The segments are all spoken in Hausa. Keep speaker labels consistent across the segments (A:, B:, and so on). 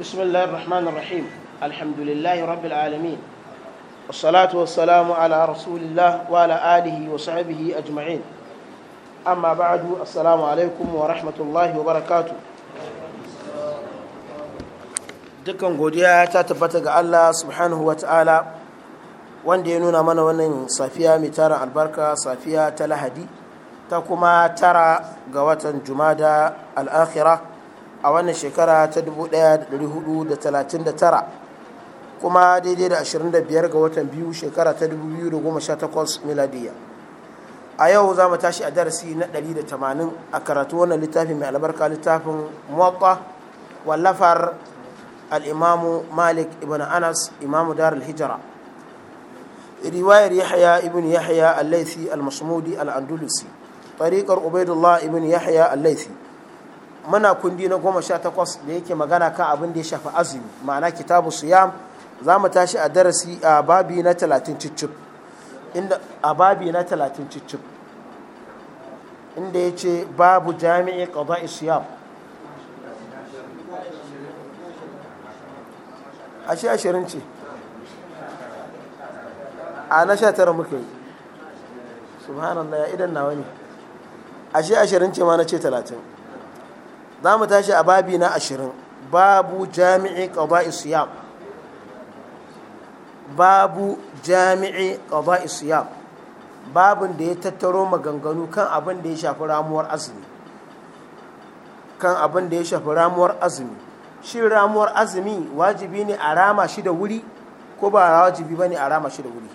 A: بسم الله الرحمن الرحيم الحمد لله رب العالمين والصلاة والسلام على رسول الله وعلى آله وصحبه أجمعين أما بعد السلام عليكم ورحمة الله وبركاته dukkan godiya ta tabbata ga Allah subhanahu wa ta'ala wanda ya nuna mana wannan safiya mai tara albarka safiya ta lahadi ta kuma tara ga watan jumada al'akhirah a wannan shekara ta 1439 kuma daidai da 25 ga watan biyu shekara ta 2018 miladiya a yau za mu tashi a darasi na 180 a karatu wannan littafi mai albarka littafin muwatta wallafar al'imamu malik ibn anas imamu al hijira riwayar yahya ibn yahya al laifi al-masmudi al andulusi tariqar ubaidullah ibn yahya al laifi muna kundi na goma sha takwas da yake magana kan abin da ya shafi azumi ma'ana kitabu siyam za mu tashi a darasi a babi na talatin cicip inda a babi na talatin cicip inda ya ce babu jami'i qada'i siyam ashe ashirin ce a na sha tara muka yi subhanallah idan nawa ne ashe ashirin ce ma na ce talatin za mu tashi a babi na ashirin babu jami'i qada'i siyam babu jami'i babin da ya tattaro maganganu kan abin da ya shafi ramuwar azumi kan abin da ya shafi ramuwar azumi shin ramuwar azumi wajibi ne a rama shi da wuri ko ba wajibi ba ne a rama shi da wuri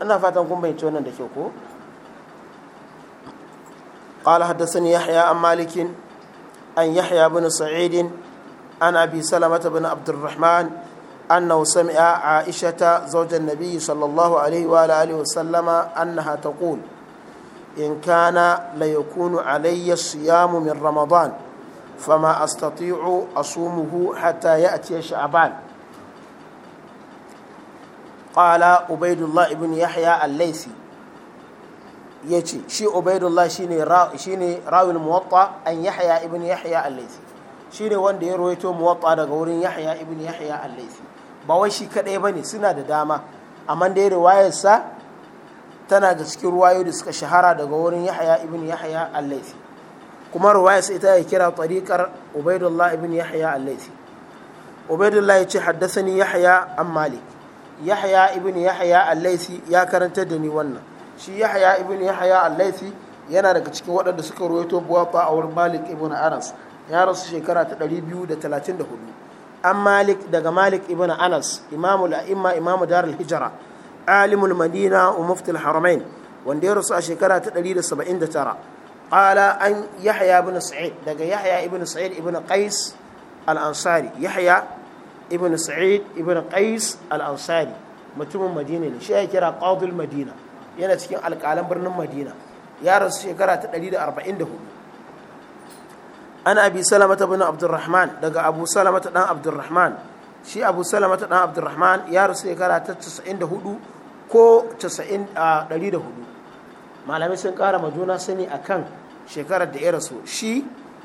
A: ana fatan kun bayyance wannan da kyau ko قال حدثني يحيى عن مالك عن يحيى بن سعيد عن أبي سلمة بن عبد الرحمن أنه سمع عائشة زوج النبي صلى الله عليه وآله وسلم أنها تقول إن كان ليكون علي الصيام من رمضان فما أستطيع أصومه حتى يأتي شعبان قال عبيد الله بن يحيى الليثي ya ce shi ubaidullah shi ne rawin muwatta an yahya ibn yahya al shi ne wanda ya rawaito muwatta daga wurin yahya ibn yahya al ba wai shi kadai ne suna da dama amma dai rawayarsa tana da cikin ruwayo da suka shahara daga wurin yahya ibn yahya al kuma ruwayarsa ita ya kira tariqar obaidullah ibn yahya al-laythi ya ce haddathani yahya an malik yahya ibn yahya al ya karanta da ni wannan shi yahya ibn yahya al-laythi yana daga cikin waɗanda suka ruwaito buwafa a wurin malik ibn anas ya rasu shekara ta 234 an malik daga malik ibn anas imamu la'imma imamu dar al-hijra alimul madina wa muftil haramain wanda ya rasu a shekara ta 179 qala an yahya ibn sa'id daga yahya ibn sa'id ibn qais al-ansari yahya ibn sa'id ibn qais al-ansari mutumin madina ne shi ya kira qadil madina yana cikin alƙalan birnin madina ya rasu shekara ta 144 ana abi salamata bin abdurrahman daga abu salamata dan abdurrahman shi abu salamata dan abdurrahman ya rasu shekara ta 94 ko 94 ah, malamai sun kara ma juna sani akan shekarar da ya rasu shi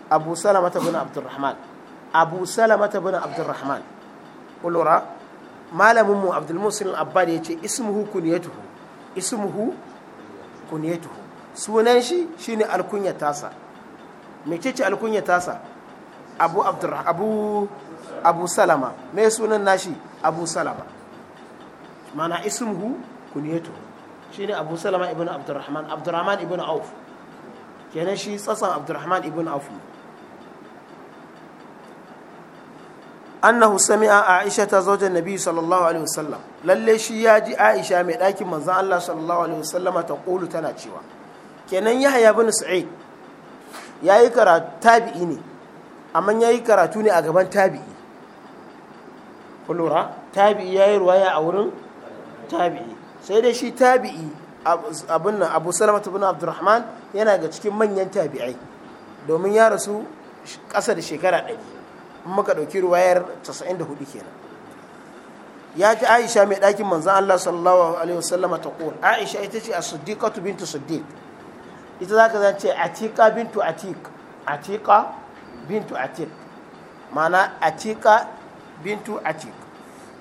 A: abu salamata bin abdurrahman abu salamata bin abdurrahman kulura malamin mu abba da ya ce ismuhu kunyatuhu ismuhu kunetuhu sunan shi shine alkunya tasa mecece alkunya tasa abu abu abu salama me sunan nashi abu salama mana ismuhu kunetuhu shine abu salama ibn abdurrahman abdurrahman ibn auf kenan shi tsatsan abdurrahman ibn auf ne annahu sami'a aisha ta zaujen nabi sallallahu alaihi wasallam lalle shi ya ji aisha mai ɗakin manzan allah sallallahu alaihi wasallama ta ƙulu tana cewa kenan yahya bin sa'id ya yi karatu tabi'i ne amma ya yi karatu ne a gaban tabi'i kulura tabi'i ya yi ruwaya a wurin tabi'i sai dai shi tabi'i abin nan abu salama bin abdurrahman yana ga cikin manyan tabi'ai domin ya rasu ƙasa da shekara ɗari muka ɗauki ruwayar 94 kenan ya ji aisha mai ɗakin manzan allah sallallahu alaihi wasallam ta ƙor aisha ita ce a siddiqatu bintu siddiq ita za ka zance atika bintu atik atika bintu atik ma'ana atika bintu atik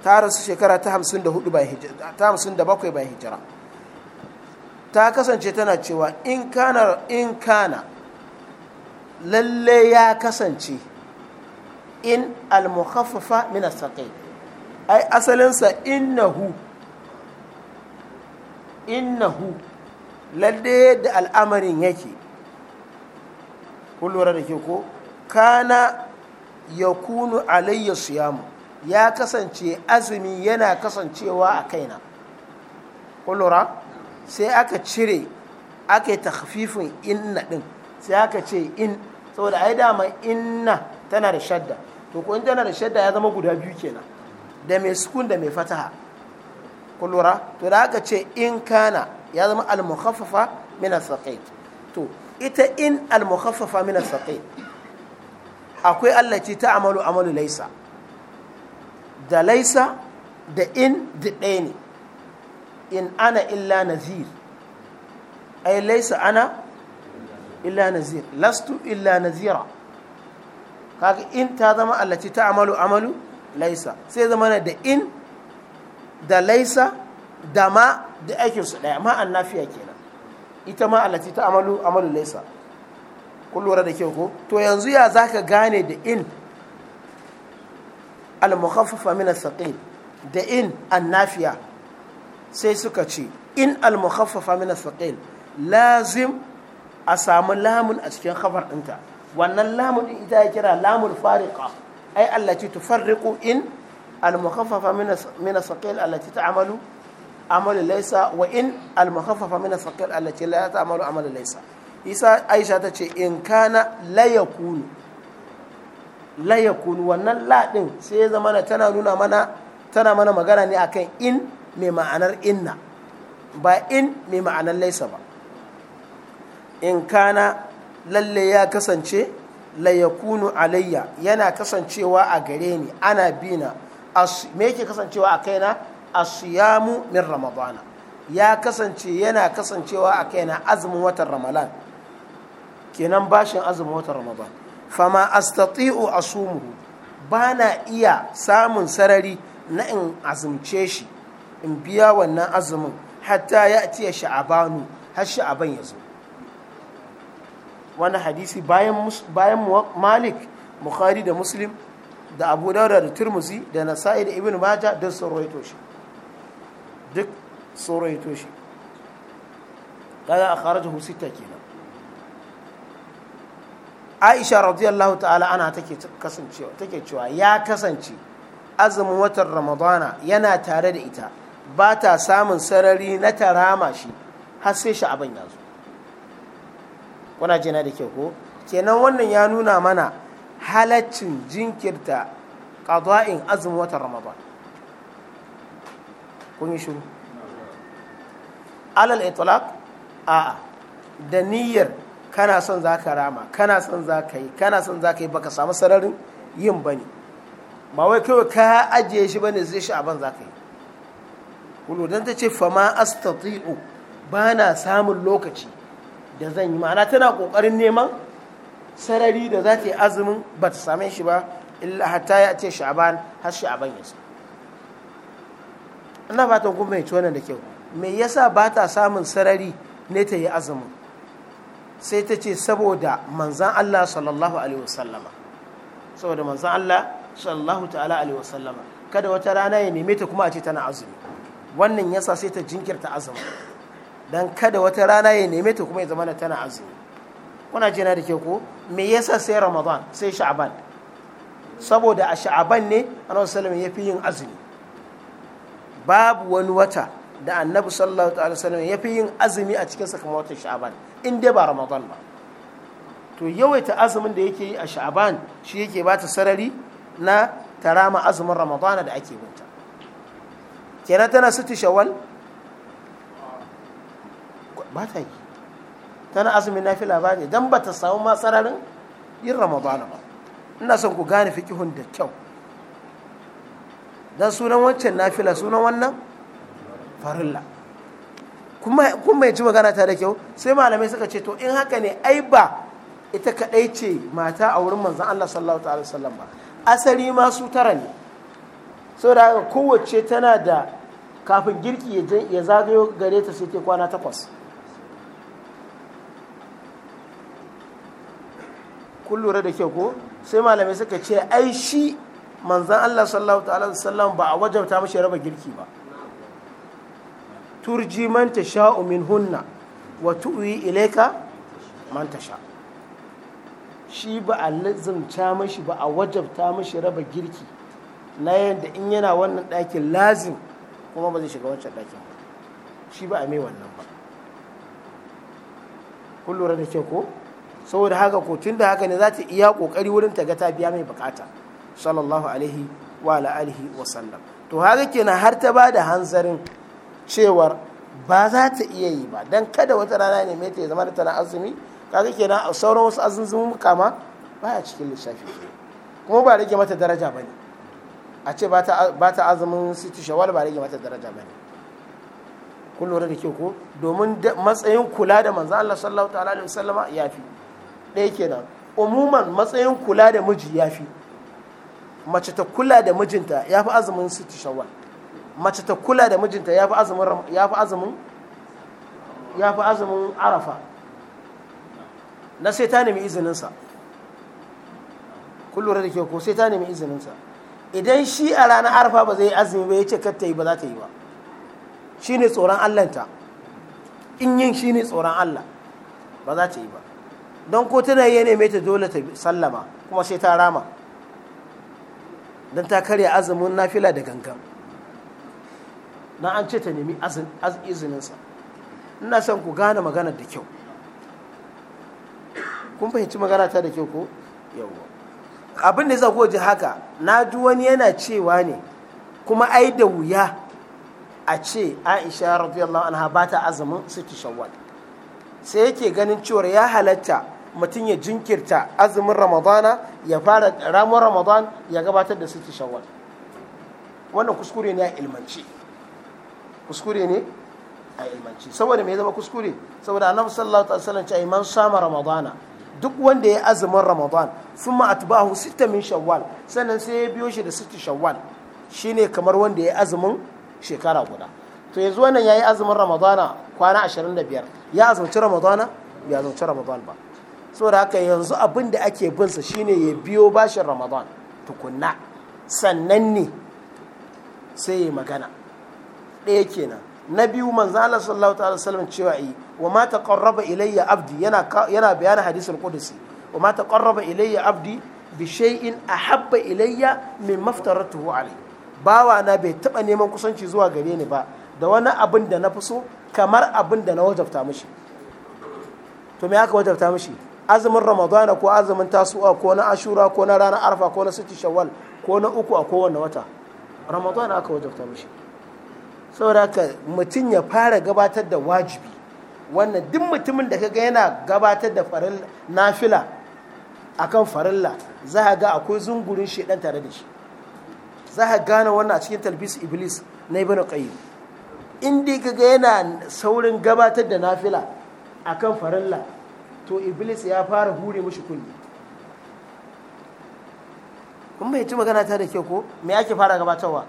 A: ta rasu shekara ta 57 bayan hijira ta kasance tana cewa in kana in kana lalle ya kasance in al-mukhaffafa min as-saqil ai asalinsa innahu innahu lalle da al'amarin yake kun lura da ke ko kana ya alayya siyam ya kasance azumi yana kasancewa a kaina kun sai aka cire aka yi takfifin inna din sai aka ce in saboda ai dama inna tana da shadda to ko in tana da shadda ya zama guda biyu kenan da mai sukun da mai fataha ku to da aka ce in kana ya zama al-mukhaffafa min as-saqit to ita in al-mukhaffafa min as-saqit akwai allaci ta amalu amalu laisa da laisa da in da ɗaya ne in ana illa nazir ai laisa ana illa nazir lastu illa nazira kaga in ta zama allati ta amalu amalu laisa sai zama da in da laisa da ma da aikinsu ɗaya daya ma an nafiya kenan ita ma allati ta amalu amalu laisa kun lura da kyau ko to yanzu ya za ka gane da in al-mukhaffafa min as-saqil da in an nafiya sai suka ce in al-mukhaffafa min as-saqil lazim a samu lamun a cikin khabar ɗinta wannan lamu ita ya kira lamun fariqa ai allati tufarriqu in al min min allati ta'malu amalu laysa wa in min allati la ta'malu amalu laysa isa aisha ta ce in kana la yakunu la yakunu wannan la din sai ya zama tana nuna mana tana mana magana ne akan in mai ma'anar inna ba in mai ma'anar laysa ba in kana lalle ya kasance layakunu alayya yana kasancewa a gare ni ana bina me yake kasancewa a kaina asiyamu min ramadana ya kasance yana kasancewa a kaina azumin watan ramadan kenan bashin azumin watan ramadan fama astati'u asumuhu ba na iya samun sarari na in azumce shi in biya wannan azumin hatta ya tiya sha'abanu har sha'aban ya zo wani hadisi bayan malik bukhari da muslim da abu daura da turmuzi da nasa'i da ibn maja duk sun shi duk sun rawaito shi kaga a kharaja husita kenan aisha radiyallahu ta'ala ana take kasancewa take cewa ya kasance azumin watan ramadana yana tare da ita ba ta samun sarari na tarama shi har sai sha'aban ya zo kuna jina da kyau ko kenan wannan ya nuna mana halaccin jinkirta qada'in azumin watan ramadan kun yi shiru alal itlaq a'a da niyyar kana son za ka rama kana son za ka yi kana son za ka yi baka samu sararin yin ba ne ba wai kawai ka ajiye shi ba ne zai shi abin za ka yi kuludan ta ce fama astati'u ba na samun lokaci da zan yi ma'ana tana kokarin neman sarari da za ta yi azumin ba ta same shi ba illa hatta ya ce sha'aban har sha'aban ya sa ina fatan kun mai wannan da kyau me yasa ba ta samun sarari ne ta yi azumin sai ta ce saboda manzan Allah sallallahu alaihi wasallama saboda manzan Allah sallallahu ta'ala alaihi wasallama kada wata rana ya neme ta kuma a ce tana azumi wannan yasa sai ta jinkirta azumin Dan kada wata rana ya neme ta kuma ya zama tana azumi kuna jina da ke ko me yasa sai ramadan sai sha'aban saboda a sha'aban ne annabi sallallahu ya fi yin azumi babu wani wata da annabi sallallahu alaihi wasallam ya fi yin azumi a cikin sakamakon sha'aban in dai ba ramadan ba to yawaita azumin da yake yi a sha'aban shi yake ba ta sarari na tarama azumin ramadana da ake binta kenan tana siti shawal ba yi tana azumin nafila ba ne don ba ta samu matsararin yin ramadana ba ina son ku gane fikihun da kyau don sunan wancan na fila sunan wannan farilla kun bai ci magana ta da kyau sai malamai suka ce to in haka ne ai ba ita kaɗai ce mata a wurin manzan Allah sallallahu ta'ala sallam ba asali ma su tara ne saboda haka kowace tana da kafin girki ya zagayo gare ta sai ta kwana takwas kun lura da kyau ko sai malamai suka ce ai shi manzan Allah sallallahu ta'ala sallam ba a wajabta mashi raba girki ba turji man sha'u min hunna wa tu'i ilaika man sha. shi ba a lazimta mashi ba a wajabta mashi raba girki na yadda in yana wannan ɗakin lazim kuma ba zai shiga wancan ɗakin ba shi ba a mai wannan ba kun lura da kyau ko saboda haka ko tun da haka ne za ta iya kokari wurin ta ga ta biya mai bukata sallallahu alaihi wa alihi wa sallam to haka kenan har ta ba da hanzarin cewar ba za ta iya yi ba dan kada wata rana ne mai ta zama da tana azumi kaga kenan a sauran wasu azumin ba baya cikin lissafi kuma ba rage mata daraja bane a ce ba ta azumin siti shawal ba rage mata daraja bane kun lura da kyau ko domin matsayin kula da manzo Allah sallallahu ta'ala alaihi wasallama yafi ɗaya kenan umuman matsayin kula da miji ya fi mace ta kula da mijinta ya fi azumin ta shawar mace ta kula da mijinta ya fi azumin ya fi azumin arafa na sai ta nemi izininsa kun da ke ko sai ta nemi izininsa idan shi a ranar arafa ba zai azumi ba ya ce kar ta yi ba za ta yi ba shi ne tsoron allanta in yin shi ne tsoron allah ba za ta yi ba don ko tana yi mai ta dole ta sallama kuma sai ta rama don ta karya azumin nafila da gangan na an ce ta nemi izininsa ina son ku gane magana da kyau kun fahimci magana ta da kyau ko yawa abin da za ku ji haka na ji wani yana cewa ne kuma ai da wuya a ce aisha radiyallahu anha ba ta azumin sai yake ganin cewar ya halatta mutum ya jinkirta azumin ramadana ya fara ramuwar ramadan ya gabatar da sitti shawwal wannan kuskure ne a ilmanci kuskure ne a ilmanci saboda mai zama kuskure saboda annabi sallallahu alaihi wasallam ce man sama ramadana duk wanda ya azumin ramadan thumma atba'ahu sitta min shawwal sannan sai ya biyo shi da sitti shawwal shine kamar wanda ya azumin shekara guda to yanzu wannan yayi azumin ramadana kwana 25 ya azumci ramadana bai azumci ramadan ba saboda haka yanzu abin da ake binsa shine ya biyo bashin ramadan tukunna sannan ne sai ya magana ɗaya kenan na biyu manzo Allah sallallahu ta'ala wasallam cewa yi wa ma taqarraba ilayya abdi yana yana bayanin hadisul qudsi wa ma taqarraba ilayya abdi bi shay'in ahabba ilayya min maftaratuhu alayhi bawa na bai taɓa neman kusanci zuwa gare ni ba da wani abin da na fi so kamar abin da na wajabta mishi aka wajabta mishi azumin ramadana ko azumin tasu'a ko na ashura ko na ranar arfa ko na Suci shawwal ko na uku a kowane wata ramadana aka wajabta mishi saboda haka mutum ya fara gabatar da wajibi wannan duk mutumin da kaga yana gabatar da nafila akan farilla za a ga akwai zungurin shedan tare da shi za a gane wannan a cikin talbis iblis na ibn qayyim in dai kaga yana saurin gabatar da nafila akan farilla to iblis ya fara hure mashi kunni kun bai ci magana ta da ke ko me ake fara gabatarwa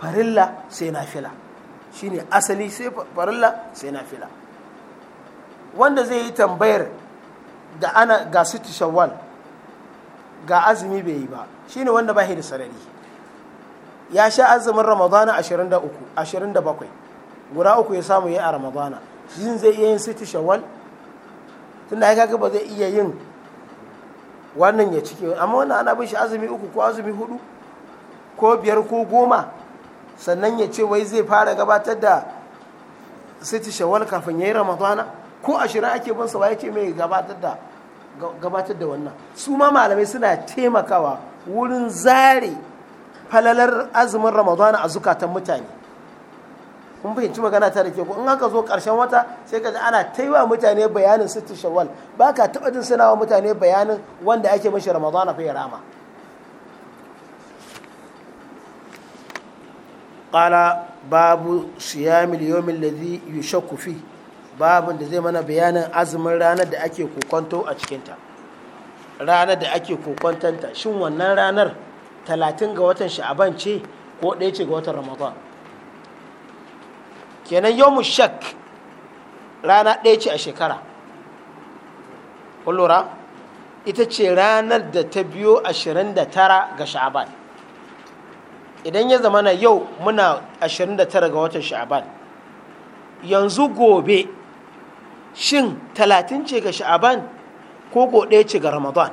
A: farilla sai na shi shine asali sai farilla sai na fila wanda zai yi tambayar da ana ga sitti shawwal ga azumi bai yi ba shine wanda ba da sarari ya sha azumin ramadana 23 27 guda uku ya samu ya a ramadana shi zai iya yin sitti shawwal tunda ai kaga ba zai iya yin wannan ya cike amma wannan ana bin shi azumi uku ko azumi hudu ko biyar ko goma sannan ya ce wai zai fara gabatar da siti shawal kafin ya yi ramadana ko ashirin ake bin sa ya ce mai gabatar da gabatar da wannan su ma malamai suna taimakawa wurin zare falalar azumin ramadana a zukatan mutane kun fahimci magana ta da ke in haka zo karshen wata sai ka ana ta yi wa mutane bayanin sittin shawwal ba ka taɓa jin suna wa mutane bayanin wanda ake mashi ramadana fiye rama Ƙala babu siyamil yawmin ladhi yushakku babin da zai mana bayanin azumin ranar da ake kokonto a cikinta ranar da ake kokontanta shin wannan ranar talatin ga watan sha'aban ce ko ɗaya ce ga watan ramadan kenan yau shak rana ɗaya ce a shekara lura ita ce ranar da ta biyo 29 ga sha'aban idan ya zama zamana yau muna tara ga watan sha'aban yanzu gobe shin talatin ce ga sha'aban ko ko ce ga ramadan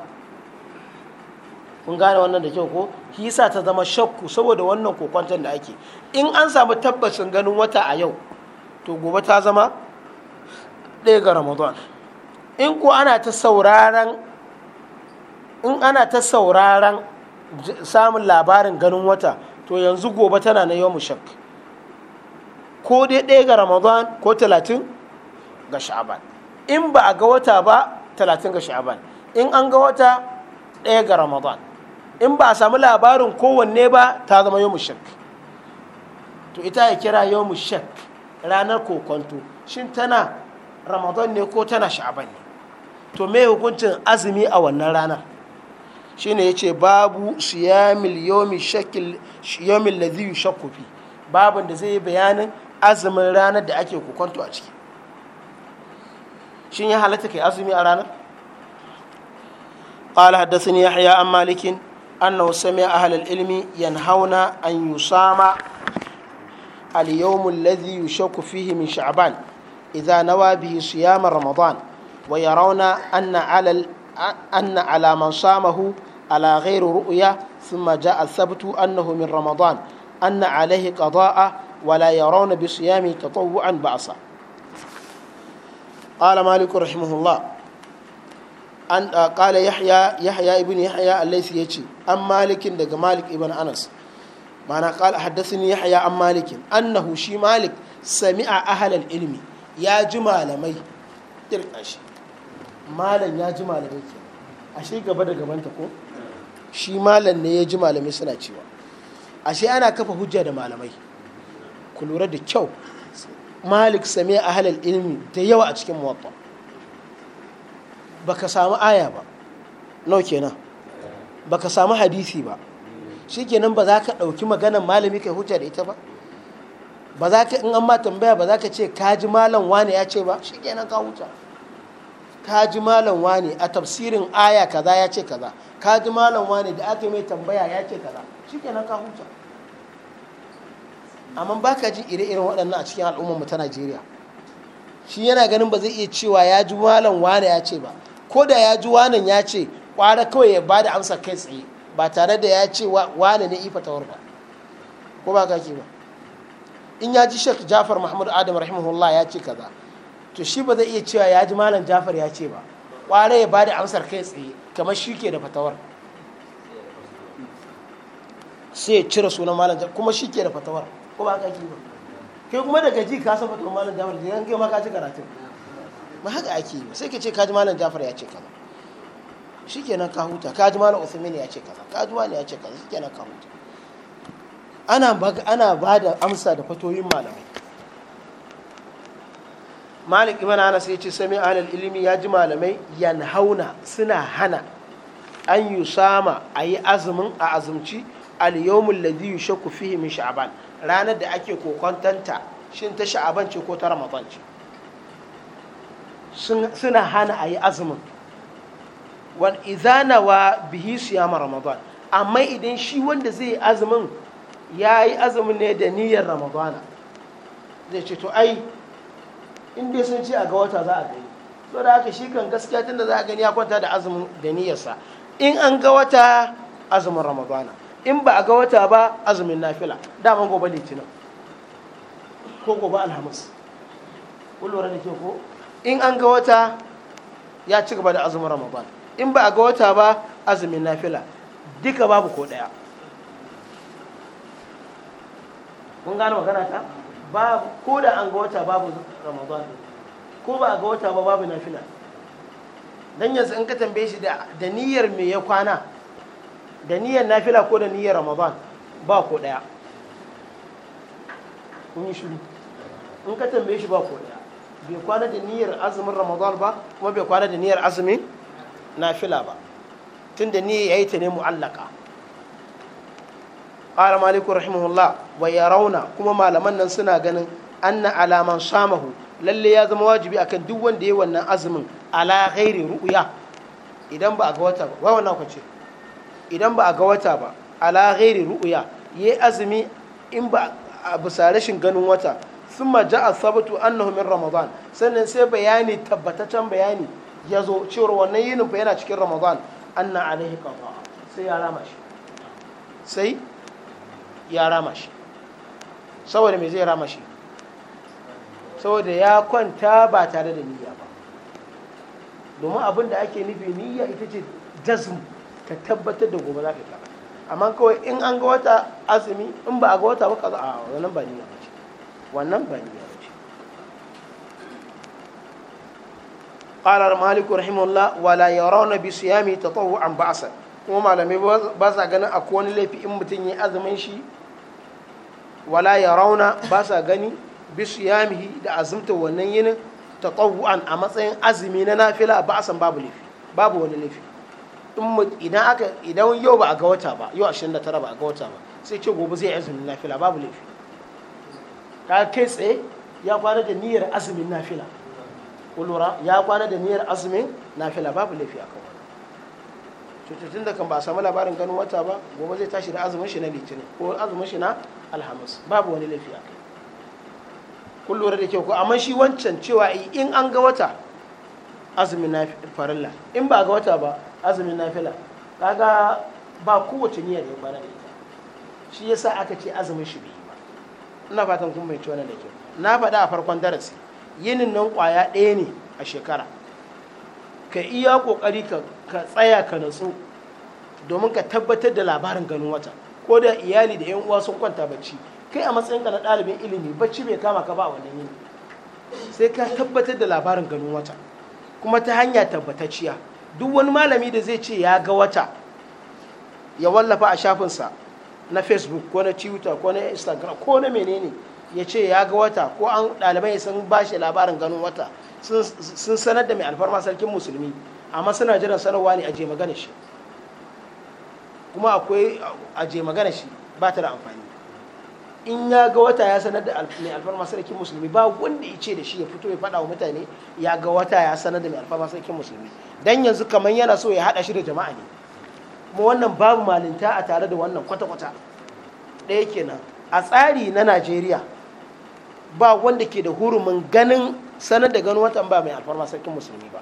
A: kun gane wannan da kyau ko hisa ta zama shakku saboda wannan kokwanton da ake in an samu tabbacin ganin wata a yau to gobe ta zama ɗaya ga ramadan in ko ana ta sauraron in ana ta sauraron samun labarin ganin wata to yanzu gobe tana na yau shak ko dai ɗaya ga ramadan ko talatin ga sha'aban in ba a ga wata ba talatin ga sha'aban in an ga wata ɗaya ga ramadan in ba a samu labarin kowanne ba ta zama yau shak to ita ya kira mu shak ranar kokonto shin tana ramadan ne ko tana sha'aban ne to me hukuncin azumi a wannan ranar shine ce babu siyamil yomi shekil yawmil laziyu yushakku babin da zai yi bayanin azumin ranar da ake kokonto a ciki shin ya halatta kai azumi a ranar قال حدثني يحيى عن مالك أنه سمع أهل العلم ينهون أن يصام اليوم الذي يشك فيه من شعبان إذا نوى به صيام رمضان ويرون أن على أن على من صامه على غير رؤية ثم جاء الثبت أنه من رمضان أن عليه قضاء ولا يرون بصيامه تطوعا بأسا قال مالك رحمه الله أن قال يحيى يحيى ابن يحيى الليثي يجي أم مالك دق مالك ابن أنس mana qala haddathani yahya an malik annahu shi malik sami'a ahlal ilmi ya ji malamai kirka shi malam ya ji malamai ke ashe gaba da gabanta ko shi malam ne ya ji malamai suna cewa ashe ana kafa hujja da malamai ku da kyau malik sami a halal ilmi da yawa a cikin baka samu aya ba kenan baka samu hadisi ba shikenan ba za ka ɗauki maganar malami kai hujja da ita ba ba za ka in an ma tambaya ba za ka ce ka ji malam wane ya ce ba shikenan ka huta ka ji malam wane a tafsirin aya kaza ya ce kaza ka ji malam wane da aka mai tambaya ya ce kaza shikenan ka hujja amma ba ka ji ire-iren waɗannan a cikin mu ta najeriya shi yana ganin ba zai iya cewa ya ji malam wane ya ce ba ko da ya ji wanan ya ce kwara kawai ya bada amsa kai tsaye ba tare da ya ce wane ne ifa tawar ba ko ba kake ba in ya ji shek jafar mahmud adam rahimahullah ya ce kaza to shi ba zai iya cewa ya ji malam jafar ya ce ba kware ya bada amsar kai tsaye kamar shi ke da fatawar sai ya cire sunan malam jafar kuma shi ke da fatawar ko ba kake ba kai kuma daga ji ka san fatawar malam jafar da yanke ma ka ci karatun ba haka ake yi sai ka ce ka ji malam jafar ya ce kaza shikenan ka huta ka ji malam Uthman ya ce kaza ka ji malam ya ce kaza shikenan ka huta ana ana ba da amsa da fatoyin malamai malik ibn anas ya ce sami alal ilimi ya ji malamai yanhauna suna hana an yi sama a azumin a azumci al-yawmul ladhi yushakku fihi min sha'ban ranar da ake kokontanta shin ta sha'aban ce ko ta ramadan ce suna hana a yi azumin wani izana wa bihi siyama ramadan amma idan shi wanda zai azumin ya yi azumin ne da niyyar ramadana zai ce to ai in dai sun ce a ga wata za a gani so da haka shi kan gaskiya tun da za a gani ya kwanta da azumin da niyyarsa in an ga wata azumin ramadana in ba a ga wata ba azumin nafila daman gobe litinin ko gobe alhamis kullum da ke ko in an ga wata ya ci gaba da azumin ramadana in ba a ga wata ba azumin nafila duka babu ko ɗaya kun gane magana ta Ba ko da an ga wata babu ramadan ko ba a ga wata ba babu nafila dan yanzu in ka tambaye shi da niyyar me ya kwana da niyyar nafila ko da niyyar ramadan ba ko ɗaya kun yi shiru in ka tambaye shi ba ko ɗaya bai kwana da niyyar azumin ramadan ba kuma bai kwana da niyyar azumin nafila ba tunda ni ya yayi ta ne mu'allaka qala maliku rahimahullah wa rauna kuma malaman nan suna ganin anna alaman samahu lalle ya zama wajibi akan duk wanda yi wannan azumin ala ghairi ru'ya idan ba a ga wata ba wai wannan kwace idan ba a ga wata ba ala ghairi ru'ya yayi azumi in ba a bisa rashin ganin wata thumma ja'a sabatu annahu min ramadan sannan sai bayani tabbataccen bayani ya zo cewar wannan yinin fa yana cikin ramadan anna alaihi qada sai ya rama shi sai ya rama shi saboda me zai rama shi saboda ya kwanta ba tare da niyya ba domin abin da ake nufi niyya ita ce jazm ka tabbatar da gobe za ka kafa. amma kawai in an ga wata azumi in ba a ga wata ba za a ah, wannan ba niyya ba ce wannan ba niyya قال مالك رحمه الله ولا يرون بصيام تطوعا بأسا kuma malamai ba sa ganin akwai wani laifi in mutum ya azumin shi wala ya rauna ba sa gani bisu yamihi da azumta wannan yinin ta an a matsayin azumi na nafila ba a san babu laifi babu wani laifi idan aka idan yau ba a ga wata ba yau 29 ba a ga wata ba sai ce gobe zai azumin nafila babu laifi ka kai tsaye ya fara da niyyar azumin nafila kulura ya kwana da niyyar azumin na fi babu laifi a kan cututtun da kan ba samu labarin ganin wata ba gobe zai tashi da azumin shi na litinin ko azumin shi na alhamis babu wani laifi a kai kun da kyau ko amma shi wancan cewa eh, in an ga wata azumin na farilla in ba ga wata ba azumin na fila kaga ba kowace niyyar ya kwana da ita shi yasa aka ce azumin shi bai yi ba ina fatan kun bai ci wannan da kyau na faɗa a farkon darasi yinin nan kwaya ɗaya ne a shekara ka iya kokari ka tsaya ka natsu domin ka tabbatar da labarin ganin wata ko da iyali da 'yan uwa sun kwanta bacci kai a matsayinka na ɗalibin ilimi bacci bai kama ka ba wannan yini sai ka tabbatar da labarin ganin wata kuma ta hanya tabbatacciya duk wani malami da zai ce ya ga wata ya wallafa a shafinsa na facebook ko na twitter ko na instagram ko na menene ya ce ya ga wata ko an ɗalibai sun ba shi labarin ganin wata sun sanar da mai alfarma sarkin musulmi amma suna jiran sanarwa ne a je magana shi kuma akwai a je magana shi ba ta da amfani in ya ga wata ya sanar da mai alfarma sarkin musulmi ba wanda ya ce da shi ya fito ya faɗa wa mutane ya ga wata ya sanar da mai alfarma sarkin musulmi dan yanzu kamar yana so ya haɗa shi da jama'a ne kuma wannan babu malinta a tare da wannan kwata-kwata ɗaya kenan a tsari na najeriya ba wanda ke da hurumin ganin sanar da ganin watan ba mai alfarma sarkin musulmi ba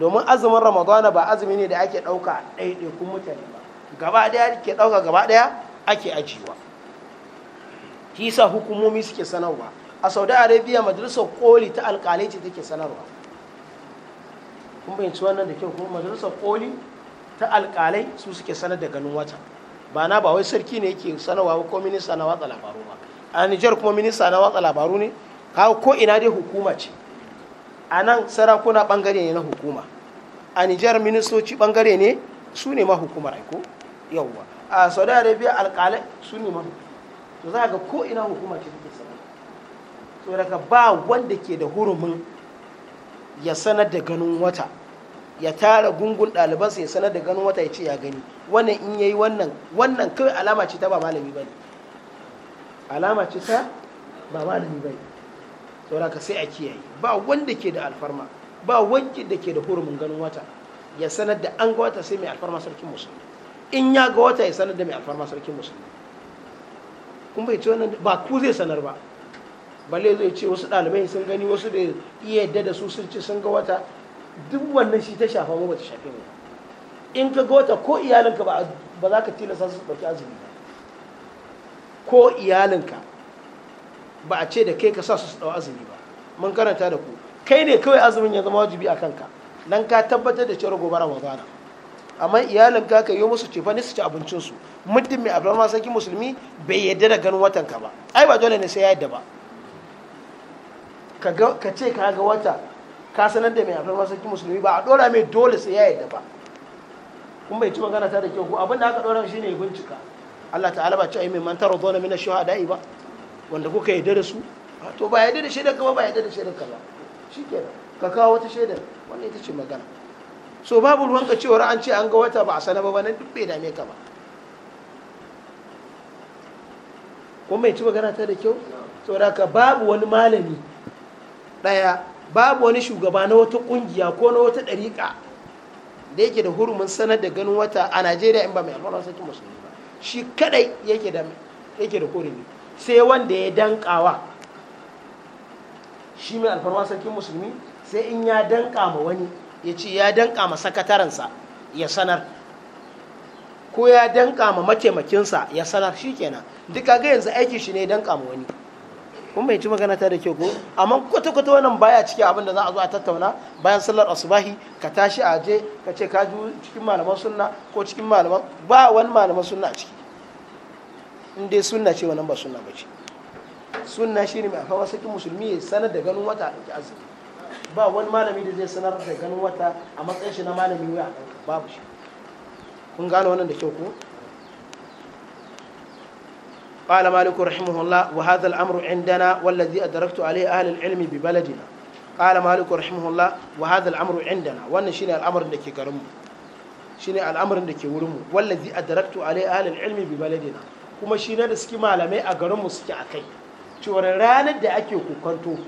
A: domin azumin ramadana ba azumi ne da ake ɗauka ɗaiɗaikun mutane ba gaba ɗaya ke ɗauka gaba ɗaya ake ajiyewa shi sa hukumomi suke sanarwa a saudi arabia majalisar koli ta alƙalai ce take sanarwa kun bayanci wannan da kyau kuma majalisar koli ta alƙalai su suke sanar da ganin wata ba na ba wai sarki ne yake sanarwa ko minista na watsa labaru ba a Nijar kuma minista na watsa labaru ne kawo ko ina dai hukuma ce a nan sarakuna bangare ne na hukuma a Nijar ministoci bangare ne su ne ma hukuma aiko yawwa a Saudi Arabia alƙalai su ne ma to za ga ko ina hukuma ce take sanar to daga ba wanda ke da hurumin ya sanar da ganin wata ya tara gungun ɗalibansa ya sanar da ganin wata ya ce ya gani wannan in yayi wannan wannan kawai alama ce ta ba malami ba ne alama ce ta ba malami bai saboda ka sai a kiyaye ba wanda ke da alfarma ba wanki da ke da hurumin ganin wata ya sanar da an ga wata sai mai alfarma sarkin musulmi in ya ga wata ya sanar da mai alfarma sarkin musulmi kun bai ce wannan ba ku zai sanar ba balle zai ce wasu ɗalibai sun gani wasu da iya yadda da su sun ce sun ga wata duk wannan shi ta shafa mu ba ta shafe mu in ka ga wata ko iyalinka ba za ka tilasta su ɗauki azumi ba ko iyalinka ba a ce da kai ka sa su ɗau azumi ba mun karanta da ku kai ne kawai azumin ya zama wajibi a kanka nan ka tabbatar da cewar gobara ramadana amma iyalinka ka yi musu ne su ci abincinsu muddin mai abin ma sarki musulmi bai yadda da ganin watan ka ba ai ba dole ne sai ya yadda ba ka ce ka ga wata ka sanar da mai abin ma sarki musulmi ba a dora mai dole sai ya yadda ba kuma bai ci magana ta da kyau ko abin da aka dora shi ne bincika Allah ta'ala ba ce ai man tara zona mina shuhada'i ba wanda kuka yarda da su to ba yarda da shaidar ka ba ba yarda da shaidar ka ba shikenan ka kawo wata shaidar wannan ita ce magana so babu ruwan ka cewa an ce an ga wata ba a sana ba nan duk bai dame ka ba ko mai ci magana ta da kyau saboda ka babu wani malami daya babu wani shugaba na wata kungiya ko na wata dariƙa da yake da hurumin sanar da ganin wata a Najeriya in ba mai alfarma sarki musulmi shi kadai yake da yake sai wanda ya dankawa shi mai alfarma sarkin musulmi sai in ya danka ma wani ya ce ya danka ma sakatarensa ya sanar ko ya danka ma mataimakinsa ya sanar shi kenan duk ga yanzu aiki shi ne ya danka ma wani kuma bai ci magana ta da kyau ko amma kwata-kwata wannan baya ciki abin da za a zo a tattauna bayan sallar asubahi ka tashi a je ka ce ka ji cikin malaman sunna ko cikin malaman ba wani malaman sunna a ciki in dai sunna ce wannan ba sunna bace sunna ne mai wasu musulmi ya sanar da ganin wata a ɗauki ba wani malami da zai sanar da ganin wata a matsayin shi na malami wuya babu shi kun gano wannan da kyau ko قال مالك رحمه الله وهذا الأمر عندنا والذي أدركت عليه أهل العلم ببلدنا قال مالك رحمه الله وهذا الأمر عندنا وأن الأمر كرم الأمر ورم والذي أدركت عليه أهل العلم ببلدنا kuma shi na da suke malamai a garin mu suke a kai cewar ranar da ake kukanto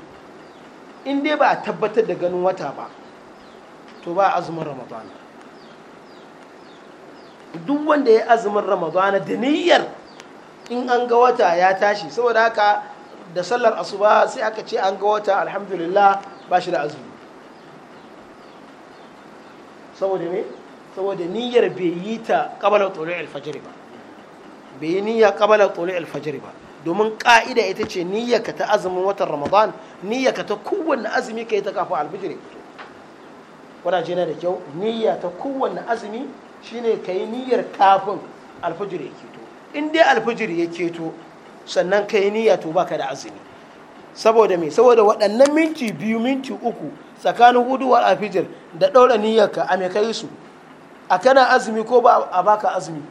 A: in dai ba a tabbatar da ganin wata ba to ba azumin ramadana duk wanda ya azumin ramadana da niyyar in an ga wata ya tashi saboda haka da sallar asuba sai aka ce an ga wata alhamdulillah ba shi da azumi saboda ne saboda niyyar bai yi ta kabalar tsoron alfajiri ba bai yi niyya qabala tulu alfajr ba domin ka'ida ita ce niyyaka ta azumin watan ramadan niyyaka ta kowanne azumi kai ta kafa fito wadaje na da kyau niyya ta kowanne azumi shine kai niyyar kafin alfajr ya keto in dai alfajr ya keto sannan kai niyya to baka da azumi saboda me saboda waɗannan minti biyu minti uku tsakanin huduwar alfijir da ɗaura niyyarka a me kai su a kana azumi ko ba a baka azumi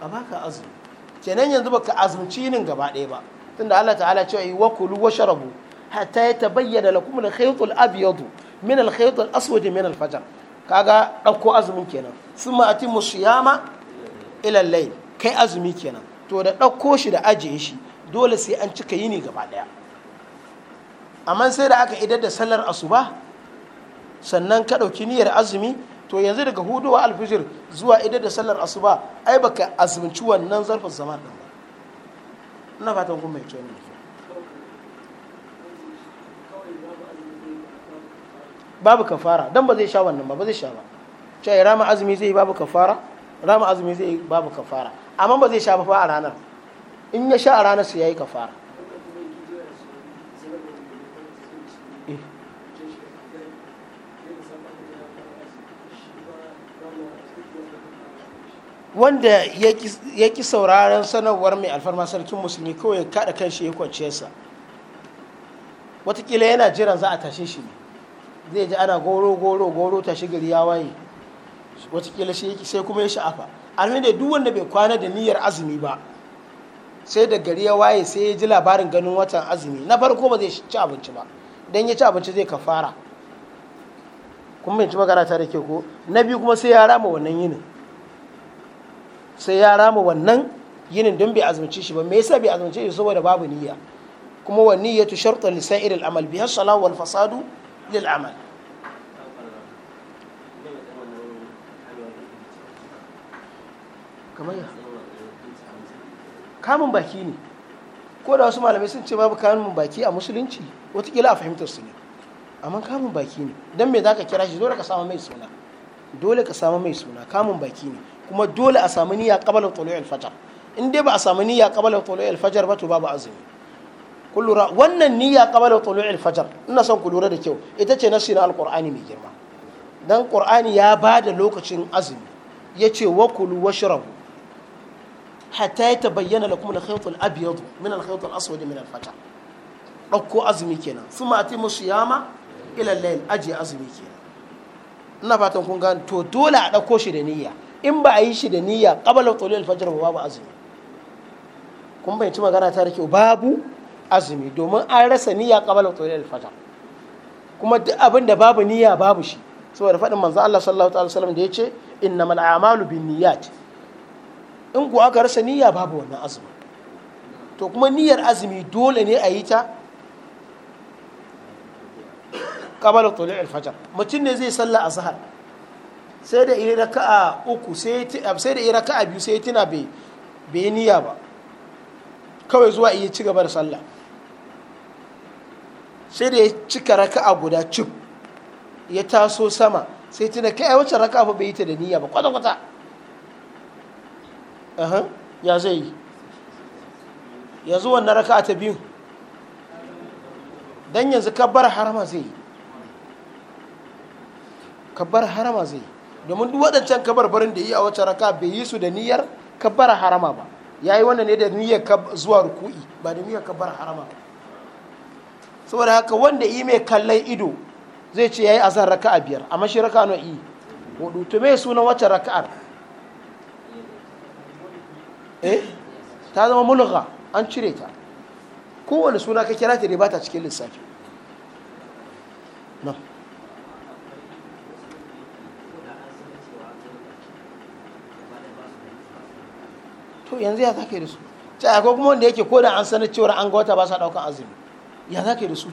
A: a baka azumi kenan yanzu baka azumci yinin gaba ɗaya ba tunda Allah ta'ala cewa yi wa kulu wa sharabu hatta ya tabayyana lakum al-khayt abyadu min al-khayt aswad min al-fajr kaga dauko azumin kenan summa atimu siyama ila al-layl kai azumi kenan to da dauko shi da ajiye shi dole sai an cika yini gaba ɗaya amma sai da aka idar da sallar asuba sannan ka dauki niyyar azumi to yanzu daga hudu wa alfijir zuwa idan da sallar asuba ai baka azumci wannan zarfin zaman din ba ina fatan kun mai tsoni babu kafara dan ba zai sha wannan ba ba zai sha ba cewa rama azumi zai babu kafara rama azumi zai babu kafara amma ba zai sha ba a ranar in ya sha a ranar su yayi kafara wanda ya ki sauraron sanarwar mai alfarma sarkin musulmi kawai ya kaɗa kan shi ya sa watakila yana jiran za a tashe shi ne zai ji ana goro goro goro tashi gari ya waye watakila shi sai kuma ya sha'afa almin da duk wanda bai kwana da niyyar azumi ba sai da gari ya waye sai ya ji labarin ganin watan azumi na farko ba zai ci abinci ba dan ya ci abinci zai kafara kuma bai ci magana ta da ke ko na biyu kuma sai ya rama wannan yinin sai ya rama wannan yinin don bai azumci shi ba me yasa bai azumci shi saboda babu niyya kuma wa niyyatu shartun li sa'ir al-amal biha salahu wal fasadu lil amal kamar kamun baki ne ko da wasu malamai sun ce babu kamun baki a musulunci watakila a fahimtar su ne amma kamun baki ne don me za ka kira shi dole ka samu mai suna dole ka samu mai suna kamun baki ne kuma dole a samu niyya qabla tulu'il fajr in dai ba a samu niyya qabla tulu'il fajr ba to babu azumi kun wannan niyya qabla tulu'il fajr ina son ku lura da kyau ita ce nasi na alqur'ani mai girma dan qur'ani ya ba da lokacin azumi yace wa kulu washrabu hatta yatabayyana lakum al-khayt al-abyad min al-khayt al-aswad min al-fajr dauko azumi kenan suma atimu siyama ila al-layl aji azumi kenan ina fatan kun gane to dole a dauko shi da niyya in ba a yi shi da niyya qabala tulul fajr ba babu azumi kun bayyanci magana ta da kyau babu azumi domin an rasa niyya qabala tulul fajr kuma duk abin da babu niyya babu shi saboda faɗin manzo Allah sallallahu alaihi wasallam da yace innamal a'malu binniyat in ku aka rasa niyya babu wannan azumi to kuma niyyar azumi dole ne a yi ta qabala tulu'il fajr mutum ne zai sallah azhar sai da iri raka'a uku sai da iri raka'a biyu sai tuna bai yi niyya ba kawai zuwa iya ci gaba da sallah sai da ya cika raka'a guda cip ya taso sama sai tuna kai wacce raka'a ba bai yi ta da niyya ba kwata-kwata ya zai yi yanzu wannan raka'a ta biyu don yanzu kabbar harama zai yi kabbar harama zai yi domin duk waɗancan kabarbarin da yi a wacce raka bai yi su da niyyar kabbara harama ba ya yi wannan ne da niyyar zuwa ruku'i ba da niyyar kabbara harama ba saboda haka wanda yi mai kallon ido zai ce ya yi azan raka a biyar amma shi raka nawa yi hudu to me sunan wacce raka'ar eh ta zama mulga an cire ta kowane suna ka kira ta dai ba ta cikin lissafi to yanzu ya zaka da su ta akwai kuma wanda yake ko da an sanar cewar an ga wata ba sa daukan azumi ya zaka da su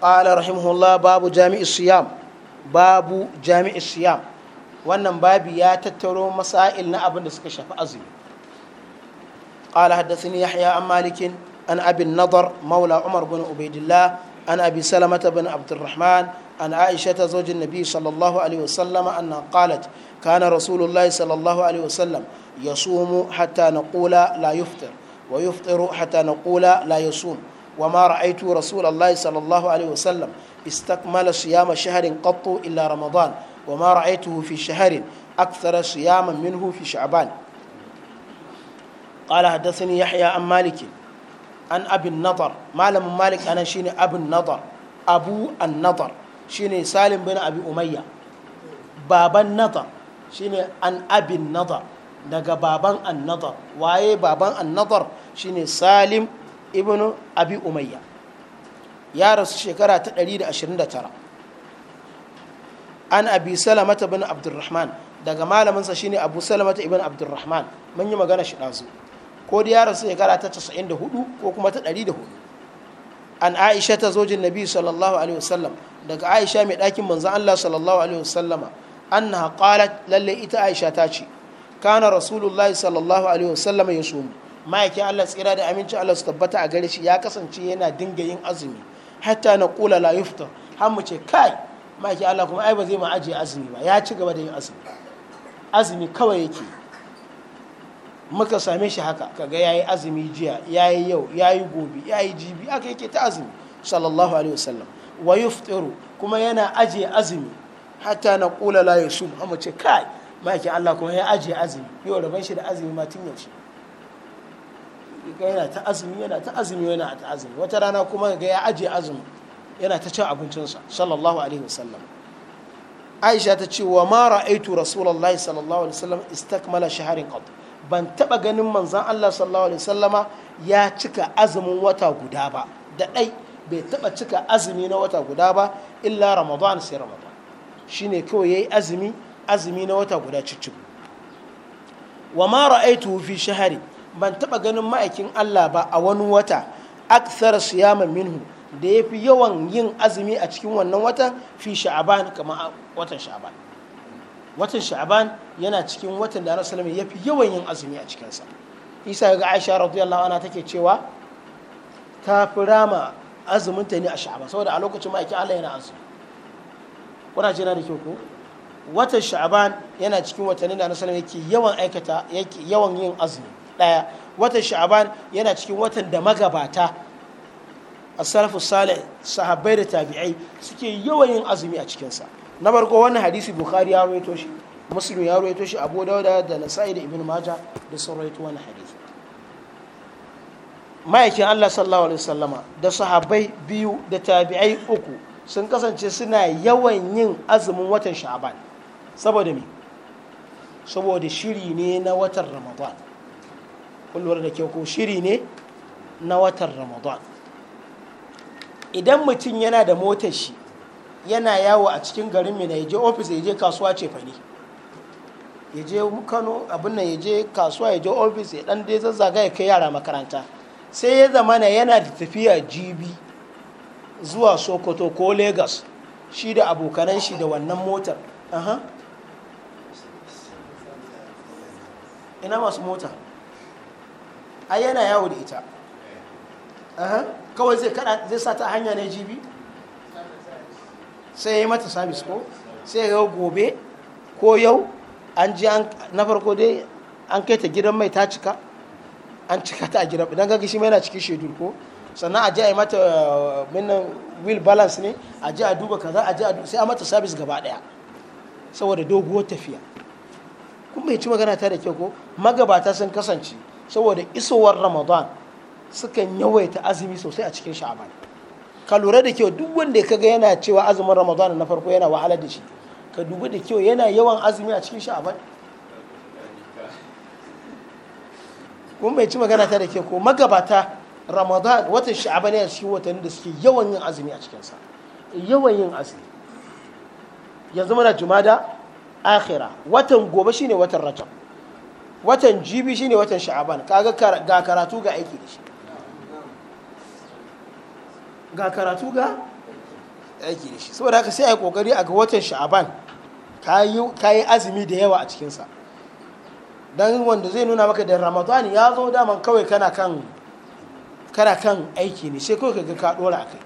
A: qala rahimahullah babu jami'i siyam babu jami'i siyam wannan babi ya tattaro masail na abin da suka shafi azumi qala haddathani yahya an malikin an abin nadar maula umar bin ubaidillah an abi salamata bin abdurrahman عن عائشة زوج النبي صلى الله عليه وسلم أنها قالت كان رسول الله صلى الله عليه وسلم يصوم حتى نقول لا يفطر ويفطر حتى نقول لا يصوم وما رأيت رسول الله صلى الله عليه وسلم استكمل صيام شهر قط إلا رمضان وما رأيته في شهر أكثر صياما منه في شعبان قال حدثني يحيى عن مالك عن أبي النضر ما لم مالك أنا شيني أبو النضر أبو النضر shine salim bin abi umayya baban nadar shine an abin nadar daga baban an nadar waye baban an nadar shine salim ibn abi umayya ya rasu shekara ta 129 an abi salamata bin abdurrahman daga malaminsa shine abu salamata ibn abdurrahman mun yi magana shi ɗazu ko da ya rasu shekara ta 94 ko kuma ta 104 an aisha ta zojin nabi sallallahu alaihi wasallam daga aisha mai ɗakin manzan allah sallallahu alaihi wasallama annaha haƙala lalle ita aisha ta ce kana rasulullahi sallallahu alaihi wasallama ya sumu ma'aikin allah tsira da aminci allah su tabbata a gare shi ya kasance yana dinga yin azumi hatta na ƙula la yuftar har mu ce kai ma'aikin allah kuma ai ba zai ma ajiye azumi ba ya ci gaba da yin azumi azumi kawai yake muka same shi haka kaga yayi azumi jiya yayi yau yayi gobe yayi jibi aka yake ta azumi sallallahu alaihi wasallam wa yuftiru kuma yana aje azumi hatta na kula la yasum amma ce kai maki Allah kuma ya aje azumi yau raban shi da azumi ma tun yaushe yana ta azumi yana ta azumi yana ta azumi wata rana kuma ga ya aje azumi yana ta cin abincin sa sallallahu alaihi wasallam Aisha ta ce wa ma ra'aitu rasulullahi sallallahu alaihi wasallam istakmala shaharin qat ban taba ganin manzon Allah sallallahu alaihi wasallama ya cika azumin wata guda ba da dai bai taɓa cika azumi na wata guda ba illa ramadan sai ramadan shine kawai yayi azumi azumi na wata guda cicci wa ma ra'aytu fi shahari ban taɓa ganin ma'aikin Allah ba a wani wata akthar siyaman minhu da yafi yawan yin azumi a cikin wannan watan fi sha'aban kamar watan sha'aban watan sha'aban yana cikin watan da Annabi sallallahu alaihi yafi yawan yin azumi a cikinsa isa ga Aisha radiyallahu anha take cewa ta fi rama azumin ta ne a sha'aban saboda a lokacin ma'aikin Allah yana azumi kuna jira da kyau ko watan sha'aban yana cikin watanni da na yake yawan aikata yake yawan yin azumi daya watan sha'aban yana cikin watan da magabata as-salafu salih sahabbai da tabi'ai suke yawan yin azumi a cikin sa na farko wannan hadisi bukhari ya rawaito shi muslim ya rawaito shi abu dauda da nasa'i da majah da sun wannan hadisi ma'aikin Allah sallallahu alaihi wasallama da sahabbai biyu da tabi'ai uku sun kasance suna yawan yin azumin watan sha'aban saboda me saboda shiri ne na watan ramadan kullum da kyau ko shiri ne na watan ramadan idan mutum yana da motar shi yana yawo a cikin garin na ya je ofis ya je kasuwa ce fani ya kano abin nan ya kasuwa ya ofis ya dan dai zazzaga ya kai yara makaranta sai ya zama na yana da tafiya jibi zuwa sokoto ko lagos shi da abokanan shi da wannan motar aha ina masu mota a yana yawo da ita aha kawai zai kada zai sa ta hanya na jibi sai ya yi mata sabis ko sai ya gobe ko yau an ji na farko dai an kai ta gidan mai ta cika an cika ta a gidan idan kaga shi mai yana cikin shedul ko sannan a je a yi mata minnan eh, will balance ne a je a duba kaza a je a duba sai a mata service gaba daya saboda doguwar tafiya kun bai ci magana ta da kyau ko magabata sun kasance saboda isowar ramadan sukan yawaita azumi sosai a cikin sha'aban ka lura da kyau duk wanda ka ga yana cewa azumin ramadan na farko yana wahala da shi ka dubi da kyau yana yawan azumi a cikin sha'aban kuma bai ci magana ta da ke ko magabata ramadan watan sha'aban ya cikin watanni da suke yawan yin azumi a cikinsa yawan yin azumi yanzu muna jumada akhira watan gobe shine watan rajab watan jibi shine watan sha'aban kaga ga karatu ga aiki da shi ga karatu ga aiki da shi saboda haka sai a yi kokari a ga watan sha'aban ka yi azumi da yawa a cikinsa dan wanda zai nuna maka da ramadan ya zo daman kawai kana kan kana kan aiki ne sai kawai kaga ka dora akai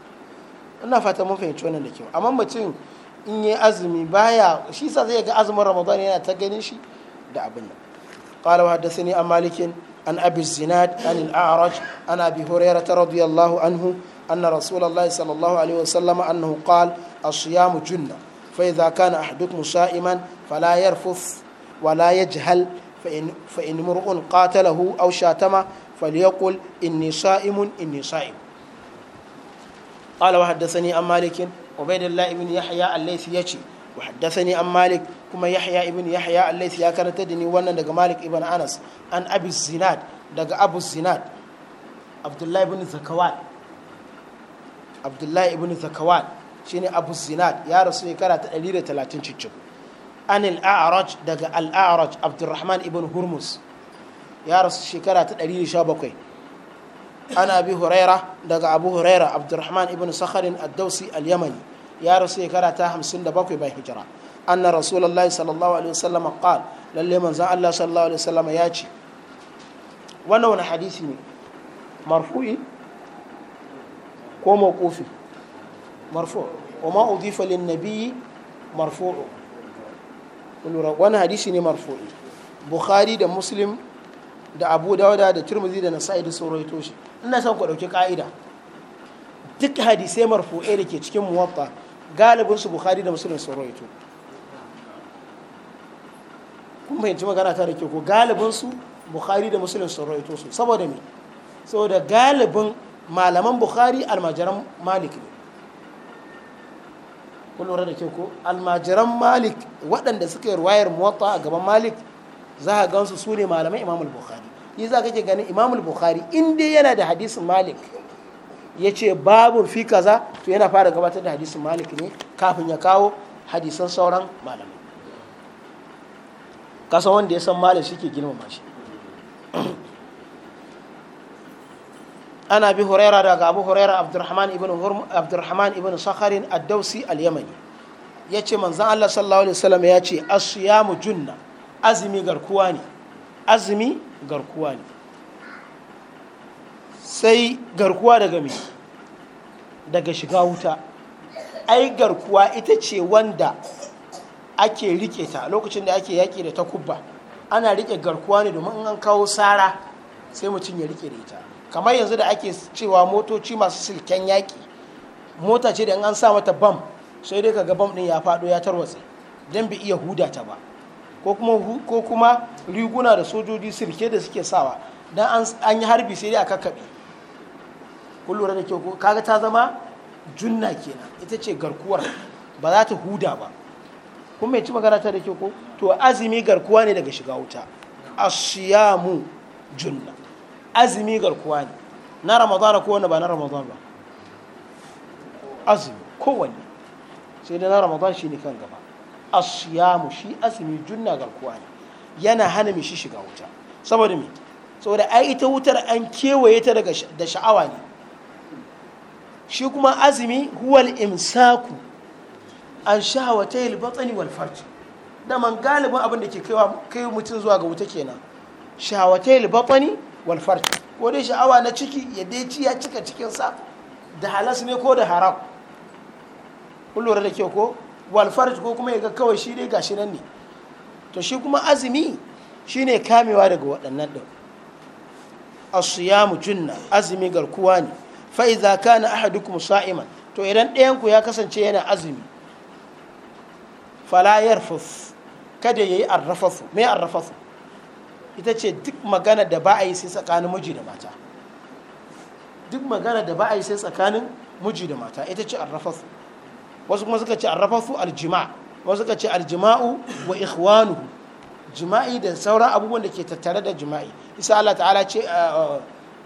A: ina fata mun fahimci wannan da kyau amma mutum in yi azumi baya shi sa zai ga azumin ramadan yana ta ganin shi da abin nan qala wa hadathani an malikin an abi zinad an al-a'raj an abi hurairah radiyallahu anhu anna rasulullahi sallallahu alaihi wasallam annahu qala as-siyamu junna fa idha kana ahadukum sha'iman fala yarfuth ولا فإن مرء قاتله أو شاتمه فليقل إني صائم إني صائم قال وحدثني عن مالك عبيد الله بن يحيى الليث يشي وحدثني عن مالك كما يحيى بن يحيى الليث يا كانت تدني وانا دغ مالك ابن انس عن ابي الزناد دغ ابو الزناد عبد الله بن زكوان عبد الله بن زكوان شيني abu الزناد يا rasu shekara ta 130 cicciku an al daga al-a'raj abdurrahman ibn hurmus ya rasu shekara ta 117 ana abi huraira daga abu huraira abdurrahman ibn sakharin ad al-yamani ya rasu shekara ta 57 bayan hijira anna rasulullahi sallallahu alaihi wasallam qala lalle manzon Allah sallallahu alaihi wasallam ya ce wannan wani hadisi ne marfu'i ko mawqufi marfu' wa ma udifa lin nabiyyi marfu'u wani hadisi ne marfu'i bukhari da muslim da abu dauda da turmuzi da nasa'i da sauraito shi ina son ku dauki ka'ida duk hadisai marfu'ai da ke cikin muwatta galibin su bukhari da muslim sauraito kun fahimci magana ta da ke ku galibin su bukhari da muslim sauraito su saboda me saboda galibin malaman bukhari almajiran malik ne kun lura da ke ko almajiran malik waɗanda suka yi ruwayar muwatta a gaban malik za a gansu su ne malamai imamul bukhari yi za kake ganin imamul bukhari in dai yana da hadisin malik ya ce babu fi kaza to yana fara gabatar da hadisin malik ne kafin ya kawo hadisan sauran malamai kasa wanda ya san malik shi ke girmama shi ana bi huraira daga abu huraira abdurrahman ibn ibn sakharin ad-dausi al-yamani yace manzon Allah sallallahu alaihi wasallam ya ce as-siyamu junna azumi garkuwa ne sai garkuwa daga daga shiga wuta ai garkuwa ita ce wanda ake rike ta lokacin da ake yaƙi da takubba ana rike garkuwa ne domin an kawo sara sai mutum ya rike da ita kamar yanzu da ake cewa motoci masu silken yaki mota ce da an sa mata bam sai dai kaga bam din ya faɗo ya tarwatse don bi iya huda ta ba ko kuma riguna da sojoji silke da suke sawa don an yi harbi sai dai a kakkaɓe kun lura da kyau kaga ta zama junna kenan ita ce garkuwar ba za ta huda ba kun mai ci magana ta da kyau ko to azumi garkuwa ne daga shiga wuta asiyamu juna. azumi garkuwa ne na ramadana ko wanda ba na ramadana ba azumi kowanne sai da na ramadana shi ne kan gaba asiyamu shi azumi junna garkuwa ne yana hana mishi shiga wuta saboda me saboda ai ita wutar an kewaye ta da sha'awa ne shi kuma azumi huwal imsaku an shahawata batsani wal farci da man galibin abin da ke kai mutum zuwa ga wuta kenan shahawata batsani wal ko dai sha'awa na ciki ya dai ci cika cikinsa da halas ne ko da haram kun lura da kyau ko wal ko kuma ya ga kawai shi dai gashi nan ne to shi kuma azumi shine kamewa daga waɗannan ɗin as junna azumi garkuwa ne fa idza kana ahadukum sa'iman to idan ɗayan ku ya kasance yana azumi fala yarfuf kada yayi arrafafu me arrafafu ita ce duk magana da ba a yi sai tsakanin miji da mata duk magana da ba a yi sai tsakanin miji da mata ita ce arrafasu wasu kuma suka ce arrafasu aljima wasu suka ce aljima'u wa ikhwanu jima'i da sauran abubuwan da ke tattare da jima'i isa Allah ta'ala ce wa ah,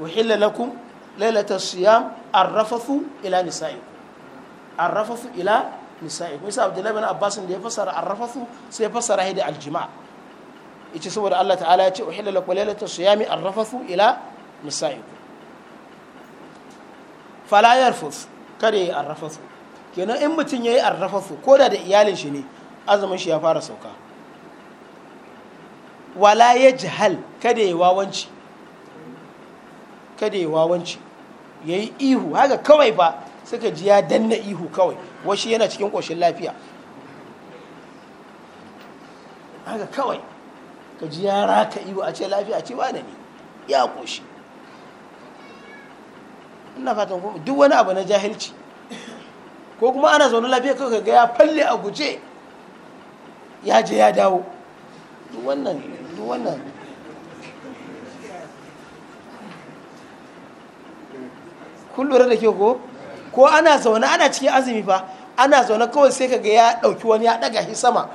A: ah, hilla lakum lailatul siyam arrafasu ila nisa'i arrafasu ila nisa'i isa Abdullahi bin Abbas da ya fassara arrafasu sai ya fassara da aljima' ita saboda Allah ta'ala ya ce uhilla su yami siyami arrafathu ila nisaikum fala yarfus kada ya arrafathu kenan in mutum yayi arrafathu koda da iyalin shi ne azumin shi ya fara sauka wala yajhal kada ya wawanci kada ya wawanci yayi ihu haka kawai ba suka ji ya danna ihu kawai washi yana cikin koshin lafiya haka kawai ka ji ya ka iyo a ce lafiya a ce da ne ya koshi ina fatan kuma duk wani abu na jahilci ko kuma ana zaune lafiya kawai ga ya falle a guje ya je ya dawo duk wannan duk wannan kun lura da ke ko ko ana zaune ana cikin azumi fa ana zaune kawai sai ka ga ya ɗauki wani ya ɗaga shi sama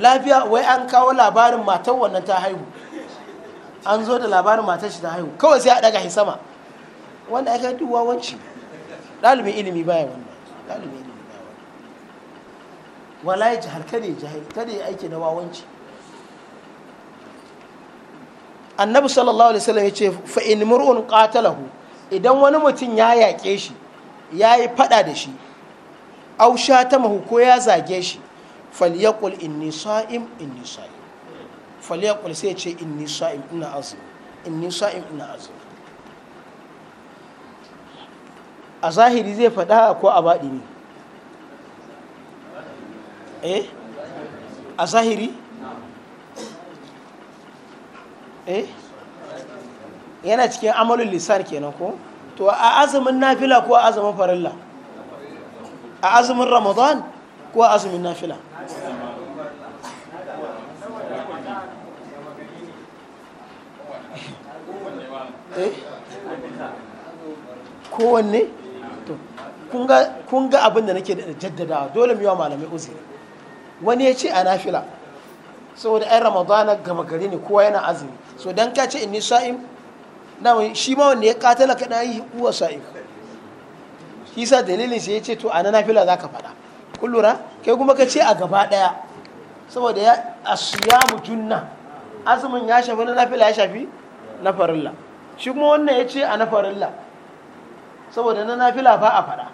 A: lafiya wai an kawo labarin matan wannan ta haihu an zo da labarin matan shi ta haihu kawai sai a daga shi sama wanda aka duk wawanci ɗalibin ilimi baya wannan ɗalibin ilimi baya wannan wala ya jihar kada ya jihar kada ya aiki na wawanci annabi sallallahu alaihi wasallam ya ce fa in mur'un qatalahu idan wani mutum ya yaƙe shi ya yi faɗa da shi ausha ta mahu ko ya zage shi falyakul inni sa'im inni sa'im falyakul sai ce inni sa'im ina azumi inni sa'im ina azumi a zahiri zai faɗa ko a baɗi ne eh a zahiri eh yana cikin amalin lisan kenan ko to a azumin nafila ko a azumin farilla a azumin ramadan ko a azumin nafila Eh? kowanne to kun ga abin da nake jaddadawa dole mu yi wa malamai uzuri wani ya ce a nafila saboda ai ramadana gama gari ne kowa yana azumi so dan ka ce inni sa'im na shi ma wanda ya katala ka na yi uwa sa'im kisa dalilin sai ya ce to a na nafila za ka faɗa kun lura kai kuma ka ce a gaba ɗaya saboda ya mu junna azumin ya shafi na nafila ya shafi na farilla shi kuma wannan ya ce a na farilla saboda na nafila ba a fada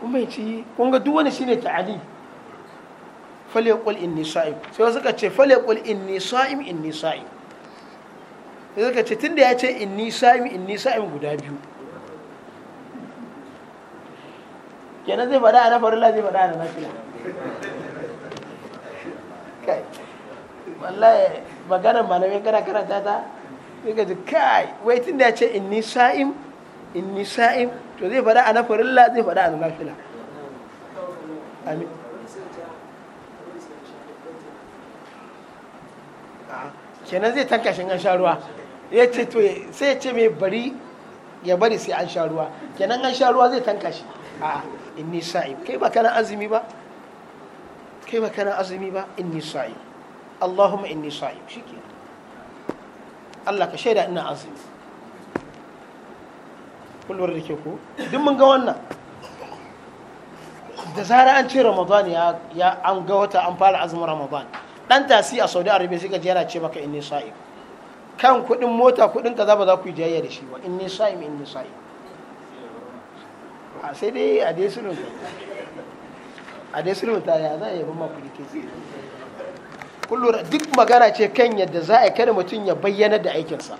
A: kuma ya ci kunga duk wani shine ta'ali falekul in nisa'im sai suka ce falekul in nisa'im, in nisa'im, sai suka ce tunda ya ce in nisa'im, in nisa'im guda biyu kenan zai faɗa a na farilla zai faɗa a na nafila wallahi maganar malamai kana karanta ta sai ka ji kai wai tun da ya ce inni sa'im inni sa'im to zai faɗa a na farilla zai faɗa a na nafila amin ah, kenan zai tanka shi an sharuwa ya ce to sai ya ce mai bari ya bari sai an sharuwa. kenan an sharuwa zai tanka shi a ah, inni sa'im kai ba kana azumi ba kai ba kana azumi ba inni sa'im Allahumma inni sa'im shike Allah ka shaida ina azumi kullum da ke ko duk mun ga wannan da zara an ce ramadan ya ya an ga wata an fara azumin ramadan dan tasi a saudi arabia sai ka ji yana ce maka inni sa'im kan kudin mota kudin kaza ba za ku yi jayayya da shi ba inni sa'im inni sa'im a sai dai a dai sulun a dai sulun ta ya za a yi ba ma kuɗi kullum duk magana ce kan yadda za a kada mutum ya bayyana da aikinsa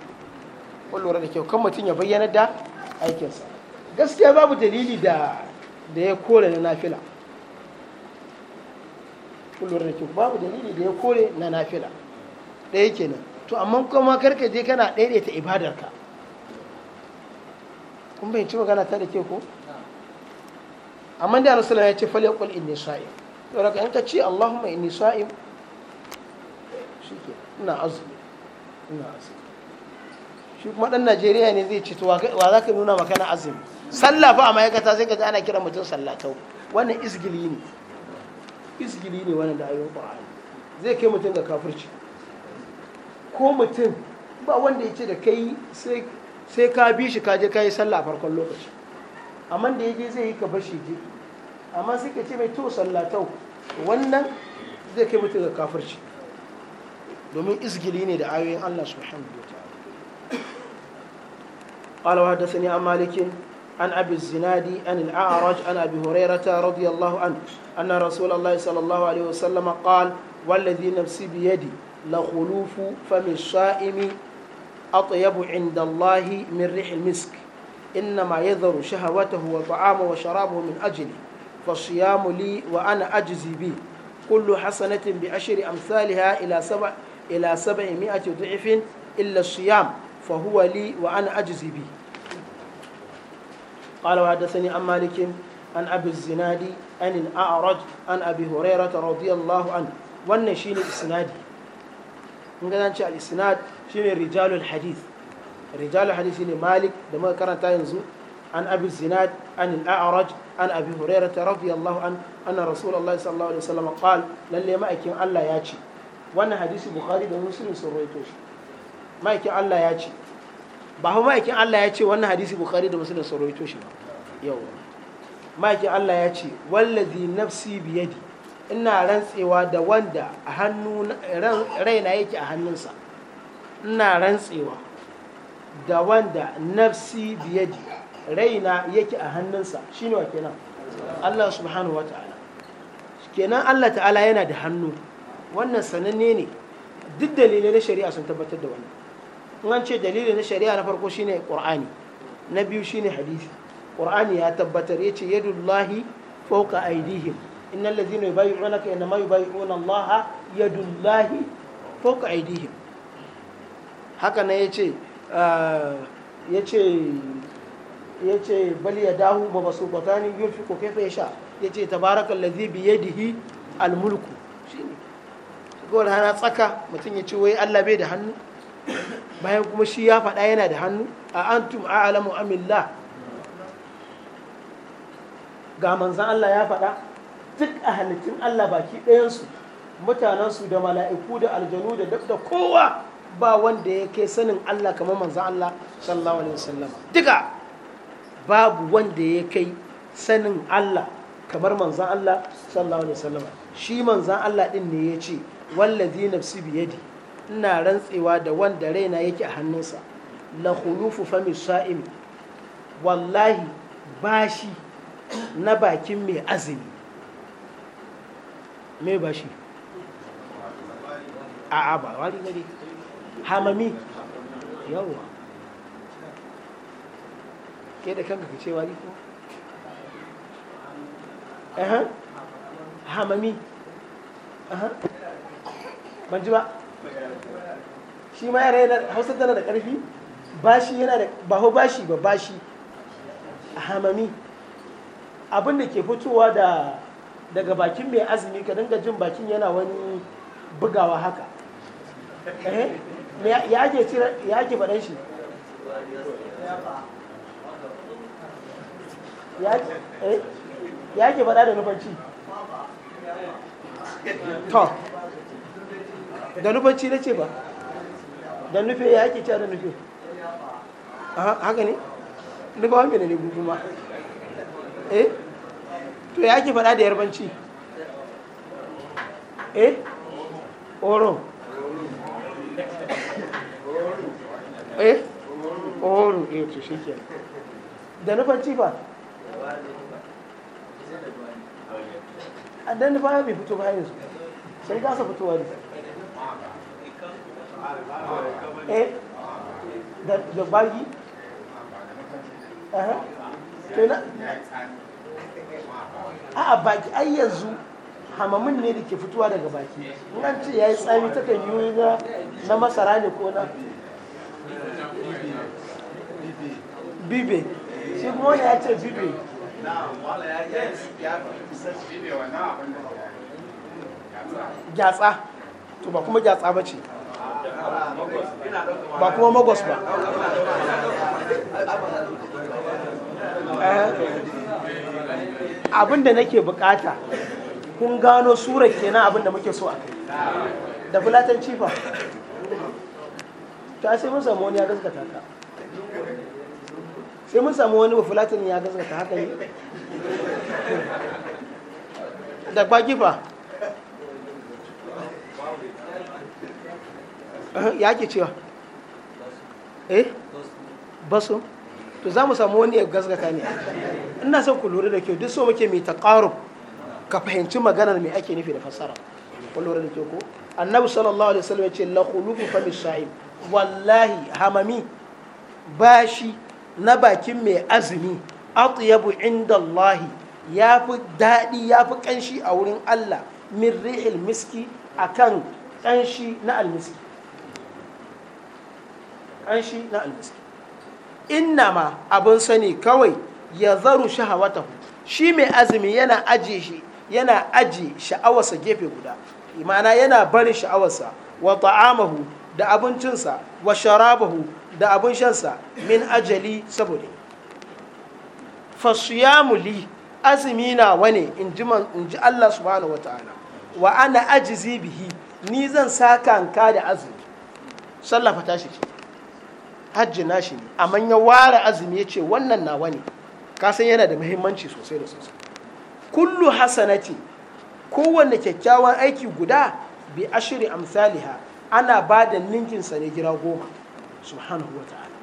A: kullum da kyau kan mutum ya bayyana da aikinsa gaskiya babu dalili da da ya kore na nafila kullum da kyau babu dalili da ya kore na nafila ɗaya kenan to amma kuma karka je kana ɗaiɗaita ibadarka kun bai ci magana ta da ke ko amma da rasulullah ya ce falyaqul inni sa'im to raka in ka ce allahumma inni sa'im shi ke ina azumi ina azumi shi kuma dan najeriya ne zai ce to wa za ka nuna maka na azumi sallah fa a ma'aikata sai ka ji ana kiran mutum sallatau wannan isgili ne isgili ne wannan da ayoyin qur'ani zai kai mutum ga kafirci ko mutum ba wanda ya ce da kai sai ka bi shi kaje ka yi sallah farkon lokaci amma da ya je zai yi ka bashi je amma sai ka ce mai to sallatau wannan zai kai mutum ga kafirci domin izgili ne da ayoyin Allah subhanahu wa ta'ala قال وحدثني عن مالك عن أبي الزنادي عن الأعرج عن أبي هريرة رضي الله عنه أن رسول الله صلى الله عليه وسلم قال والذي نفسي بيدي لخلوف فم الصائم أطيب عند الله من ريح المسك إنما يذر شهوته وطعامه وشرابه من أجلي فالصيام لي وأنا أجزي به كل حسنة بعشر أمثالها إلى سبع ila sab'i mi'ati du'ifin illa siyam fa wa ana ajzi bi qala wa an malik an abi zinadi an al-a'raj an abi hurairah radiyallahu anhu wannan shine isnadi in ga zance al-isnad shine rijalul hadith rijalul hadith shine malik da muka karanta yanzu an abi zinad an al-a'raj an abi hurairah radiyallahu anhu anna rasulullahi sallallahu alaihi wasallam qala lalle Allah ya ce wannan hadisi bukhari da muslim sun rawaito shi ma'aikin Allah ya ce ba fa ma'aikin Allah ya ce wannan hadisi bukhari da muslim sun rawaito shi ba yau ma'aikin Allah ya ce wallazi nafsi biyadi ina rantsewa da wanda a hannu raina yake a hannunsa ina rantsewa da wanda nafsi biyadi raina yake a hannunsa shine wa kenan Allah subhanahu wa ta'ala kenan Allah ta'ala yana da hannu wannan sananne ne duk dalilai na shari'a sun tabbatar da wannan in an ce dalili na shari'a na farko shine qur'ani na biyu shine hadisi qur'ani ya tabbatar ya yace yadullahi fawqa aydihim innal ladzina yubayyi'unaka inma yubayyi'una Allah yadullahi fawqa aydihim haka ne yace ah, yace yace bal yadahu ba basutani yunfiqu kayfa yasha yace tabarakal ladzi bi yadihi al mulku ga hana tsaka mutum ya ce wai Allah bai da hannu bayan kuma shi ya faɗa yana da hannu a antum a'lamu amillah ga manzan Allah ya faɗa duk a halittun Allah baki ɗayansu mutanensu da mala'iku da aljanu da duk da kowa ba wanda ya kai sanin Allah kamar manzan Allah sallallahu alaihi wasallam duka babu wanda ya kai sanin Allah kamar manzan Allah sallallahu alaihi wasallam shi manzan Allah din ne ya ce wallazi nafsi biyadi ina rantsewa da wanda raina yake a hannunsa la khulufu fami sa'im wallahi bashi na bakin mai azumi me bashi a'a ba wari gari hamami yawa ke da kanka ka ce wari ko hamami ban ji ba shi ma yare yana hausa tana da ƙarfi bashi yana da ba shi ba ba bashi hamami abin da ke fitowa da daga bakin mai azumi ka dinga jin bakin yana wani bugawa haka eh? ya ake cire ya ake faɗan shi ya eh? ake faɗa da nufanci to da nufanci na ce ba da nufe ya ake cewa da nufe haka ne nufa wani ne gugu ma eh to ya ake fada da yarbanci eh oro eh oro eh to shi ke da nufanci ba a dan ya bai fito bayan su sai kasa fitowa ne eh da da bagi eh kenan a baki ai yanzu hamamin ne da ke fitowa daga baki in ce ya yi tsami ta kan yi na masara ne ko na bibe shi kuma wani ya ce bibe gyatsa to ba kuma gyatsa ba ce ba kuma magos ba eh. abin da nake bukata kun gano surar kenan abin da muke so a kai da fulatan cifa ta sai mun samu wani ya gaskata ka sai mun samu wani fulatan ya gaskata haka ne da kwa fa Eh, ya ke cewa eh basu to za mu samu wani ya gasgata ne ina son ku lura da kyau duk so muke mai taqarub ka fahimci maganar mai ake nufi da fassara ku lura da kyau ko annabi sallallahu alaihi wasallam ya ce la khuluqu fa bisahim wallahi hamami bashi na bakin mai azumi atyabu inda Allah ya fi daɗi ya ƙanshi a wurin Allah min rihil miski akan ƙanshi na almiski an shi na almiski ma abin sani kawai ya zaru shahawatahu shi mai azumi yana aje shi yana aje sha'awarsa gefe guda imana yana barin sha'awarsa wa ta'amahu da abincinsa wa sharabahu da abin shansa min ajali saboda ya li azumi na wane in ji Allah subhanahu wa ta'ala wa ana ajizi bihi ni zan saka da azumi sallafa tashi ce hajji nashi ne amma ya ware azumi ya ce wannan nawa ne kasan yana da muhimmanci sosai da sosai kullu hasanati kowanne kyakkyawan aiki guda bi ashiri amsaliha ana ba da ninkinsa ne gira goma subhanahu wa ta'ala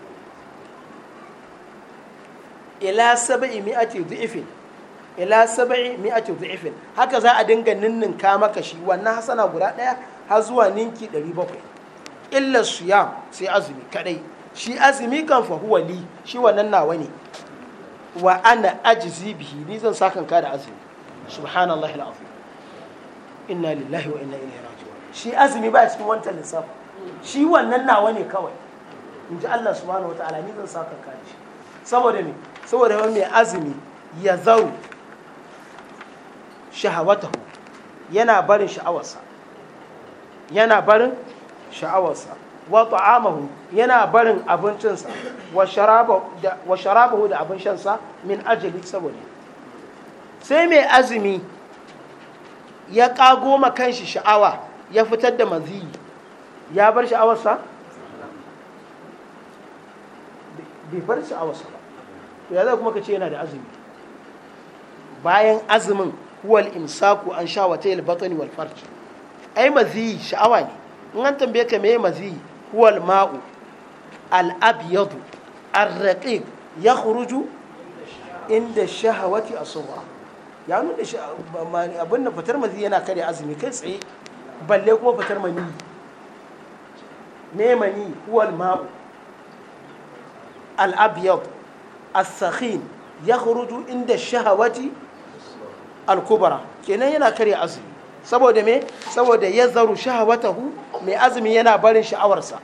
A: ila saba'i mi'ati du'ifin ila saba'i mi'ati du'ifin haka za a dinga ninninka maka shi wannan hasana guda ɗaya har zuwa ninki 700 illa siyam sai azumi kadai shi azumi kan fa huwa li shi wannan nawa ne wa ana ajzi bihi ni zan sa ka da azumi subhanallahi alazim inna lillahi wa inna ilaihi raji'un shi azumi ba cikin wancan lissafi shi wannan nawa ne kawai in ji Allah subhanahu wa ta'ala ni zan sa ka da shi saboda me saboda wani mai azumi ya zau shahawatahu yana barin sha'awarsa yana barin sha'awarsa wa ta'amahu yana barin abincinsa wa sharabahu da abin shansa min ajali saboda sai mai azumi ya kago ma kanshi sha'awa ya fitar da maziyi ya bar sha'awarsa bai bar sha'awarsa ba to ya zai kuma ka ce yana da azumi bayan azumin huwal imsaku an sha wa tayil batani wal farj ai maziyi sha'awa ne in an tambaye ka me maziyi huwal ma'u al-abyadu ar-raqiq yakhruju kai tsaye balle kuma fitar mani ne mani huwal ma'u al-abyad as inda shahawati kenan yana azumi saboda me saboda ya zaru shahawatahu mai azumi yana barin sha'awarsa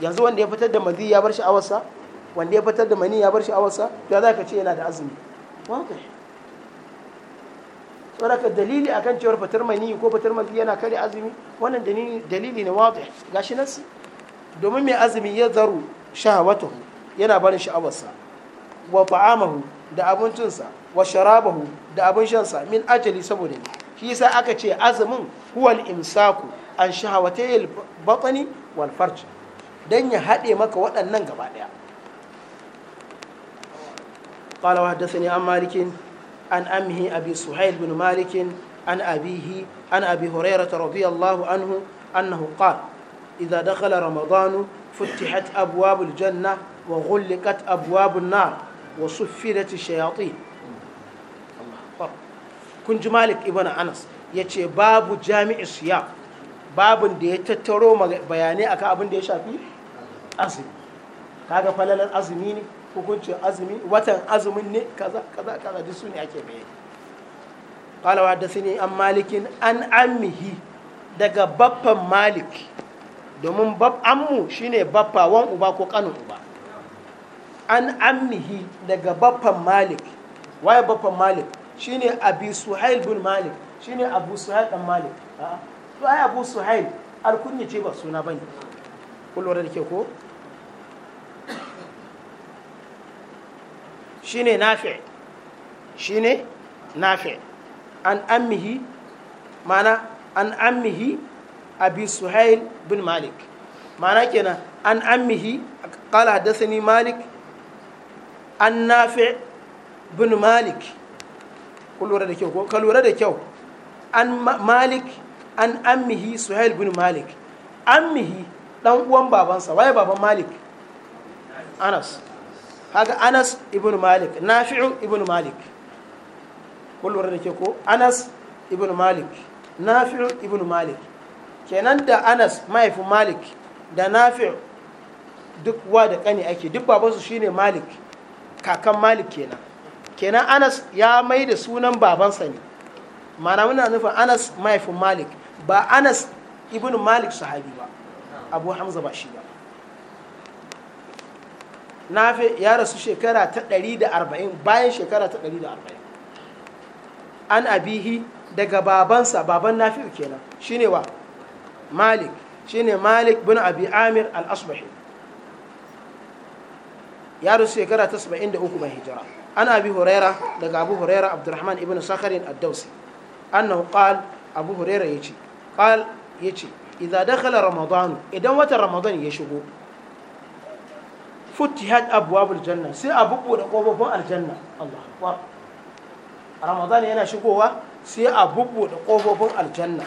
A: yanzu wanda ya fitar da mazi ya bar sha'awarsa wanda ya fitar da mani ya bar sha'awarsa ya za ka ce yana da azumi waka tsoraka dalili akan cewar fitar mani ko fitar mazi yana kare azumi wannan dalili ne waka gashi nasi domin mai azumi ya zaru shahawatahu yana barin sha'awarsa wa ta'amahu da abincinsa wa sharabahu da abin shansa min ajali saboda ne shi yasa aka ce azumin huwal imsaku an shahawatayil batani wal farj dan ya haɗe maka waɗannan gaba ɗaya قال وحدثني عن مالك عن أمه أبي سهيل بن مالك عن أبيه عن أبي هريرة رضي الله عنه أنه قال إذا دخل رمضان فتحت أبواب الجنة وغلقت أبواب النار وصفدت الشياطين kun ji malik ibn anas ya ce babu jami'i siyam babin da ya tattaro bayanai a kan abin da ya shafi azumi kaga falalar azumi ne hukuncin azumi watan azumin ne kaza kaza kaza duk su ne ake bayani قال وحدثني an مالك an amihi daga baffan malik domin ammu shine baffa wan uba ko kanin uba an amihi daga baffan malik waye baffan malik shine abi suhail bin malik shine abu suhail dan malik to ai abu suhail kunni ce ba suna bane kun lura da ke ko shine nafi shine nafi an ammihi mana an ammihi abi suhail bin malik mana kenan an ammihi qala hadathani malik an nafi bin malik kun lura da kyau ko ka lura da kyau an malik an ammihi suhail bin malik ammihi dan uwan babansa waye baban malik anas haka anas ibn malik nafi'u ibn malik kun lura da kyau ko anas ibn malik nafi'u ibn malik kenan da anas mahaifin malik da nafi'u duk wa da kani ake duk babansu shine malik kakan malik kenan kenan anas ya mai da sunan babansa ne mana muna nufin anas mahaifin malik ba anas ibn malik sahabi ba abu hamza ba shi ba fi ya rasu shekara ta 140 bayan shekara ta 140 an abihi daga babansa baban nafi kenan shine wa malik shine malik bin abi amir al-asbahi ya rasu shekara ta 73 mai hijira ana bi huraira daga abu huraira abdurrahman ibn sakharin ad-dawsi annahu qal abu huraira yace qal yace idza dakhala idan watan ramadan ya shigo futihat abwabul janna sai a bubbuɗe kofofin aljanna Allah akbar ramadan yana shigowa sai a bubbuɗe kofofin aljanna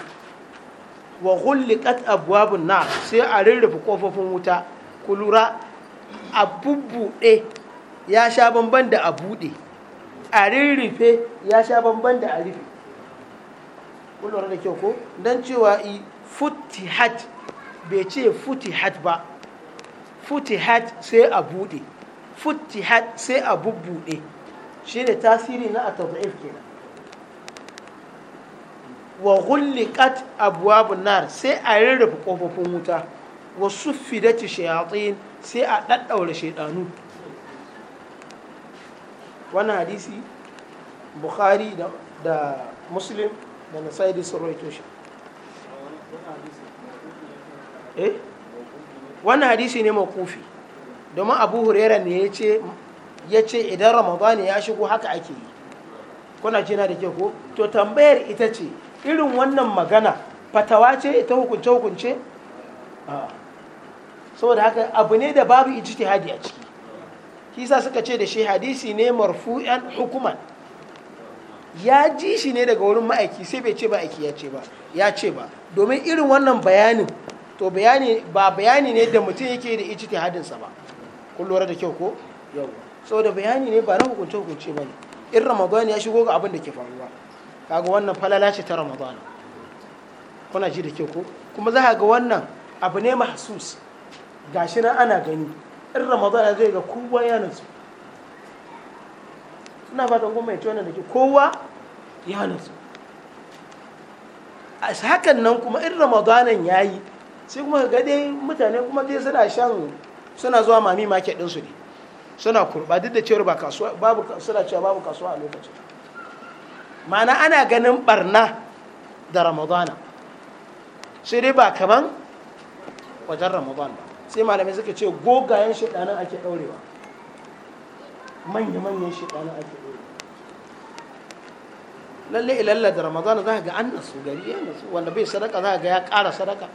A: wa ghulliqat abwabun na sai a rirrufe kofofin wuta kulura a bubbuɗe ya sha bamban da a buɗe a rirrife ya sha bamban da a rufe kullum da kyau ko don cewa i hat bai ce hat ba hat sai a buɗe hat sai a bubbuɗe shi ne tasiri na atadif na wa kat abuwa nar sai a rirrufe ƙofofin wuta wa suffidati shayatin sai a ɗaɗɗaura shaiɗanu. wannan hadisi bukhari da muslim da nasai da eh wannan hadisi ne makufi domin abu huraira ne ya ce ya ce idan ramadan ya shigo haka ake yi kuna jina da ke ko to tambayar ita ce irin wannan magana fatawa ce ita hukunce hukunce saboda haka abu ne da babu ijtihadi a ciki shi sa suka ce da shi hadisi ne marfu'an hukuman ya ji shi ne daga wurin ma'aiki sai bai ce ba aiki ya ce ba ya ce ba domin irin wannan bayanin to bayani ba bayani ne da mutum yake da hadinsa ba kun lura da kyau ko yau saboda bayani ne ba na hukunce hukunce ba ne in ramadan ya shigo ga abin da ke faruwa kaga wannan falala ce ta ramadan kuna ji da kyau ko kuma za ga wannan abu ne mahsus gashi nan ana gani in ramadan zai ga kowa ya nutsu ina fatan kuma yace wannan da ke kowa ya nutsu a hakan nan kuma in ramadanan ya yi sai kuma ga dai mutane kuma dai suna shan suna zuwa mami market ɗinsu ne suna kurba duk da cewar babu suna cewa babu kasuwa a lokacin ma'ana ana ganin barna da ramadana sai dai ba kaman wajen ramadana ba sai malamai suka ce gogayen shaɗanin ake ɗaurewa manya-manyan shaɗanin ake ɗaurewa lalle ilalla da ramadan za ga an nasu gari ya nasu wanda bai sadaka za ga ya ƙara sadaka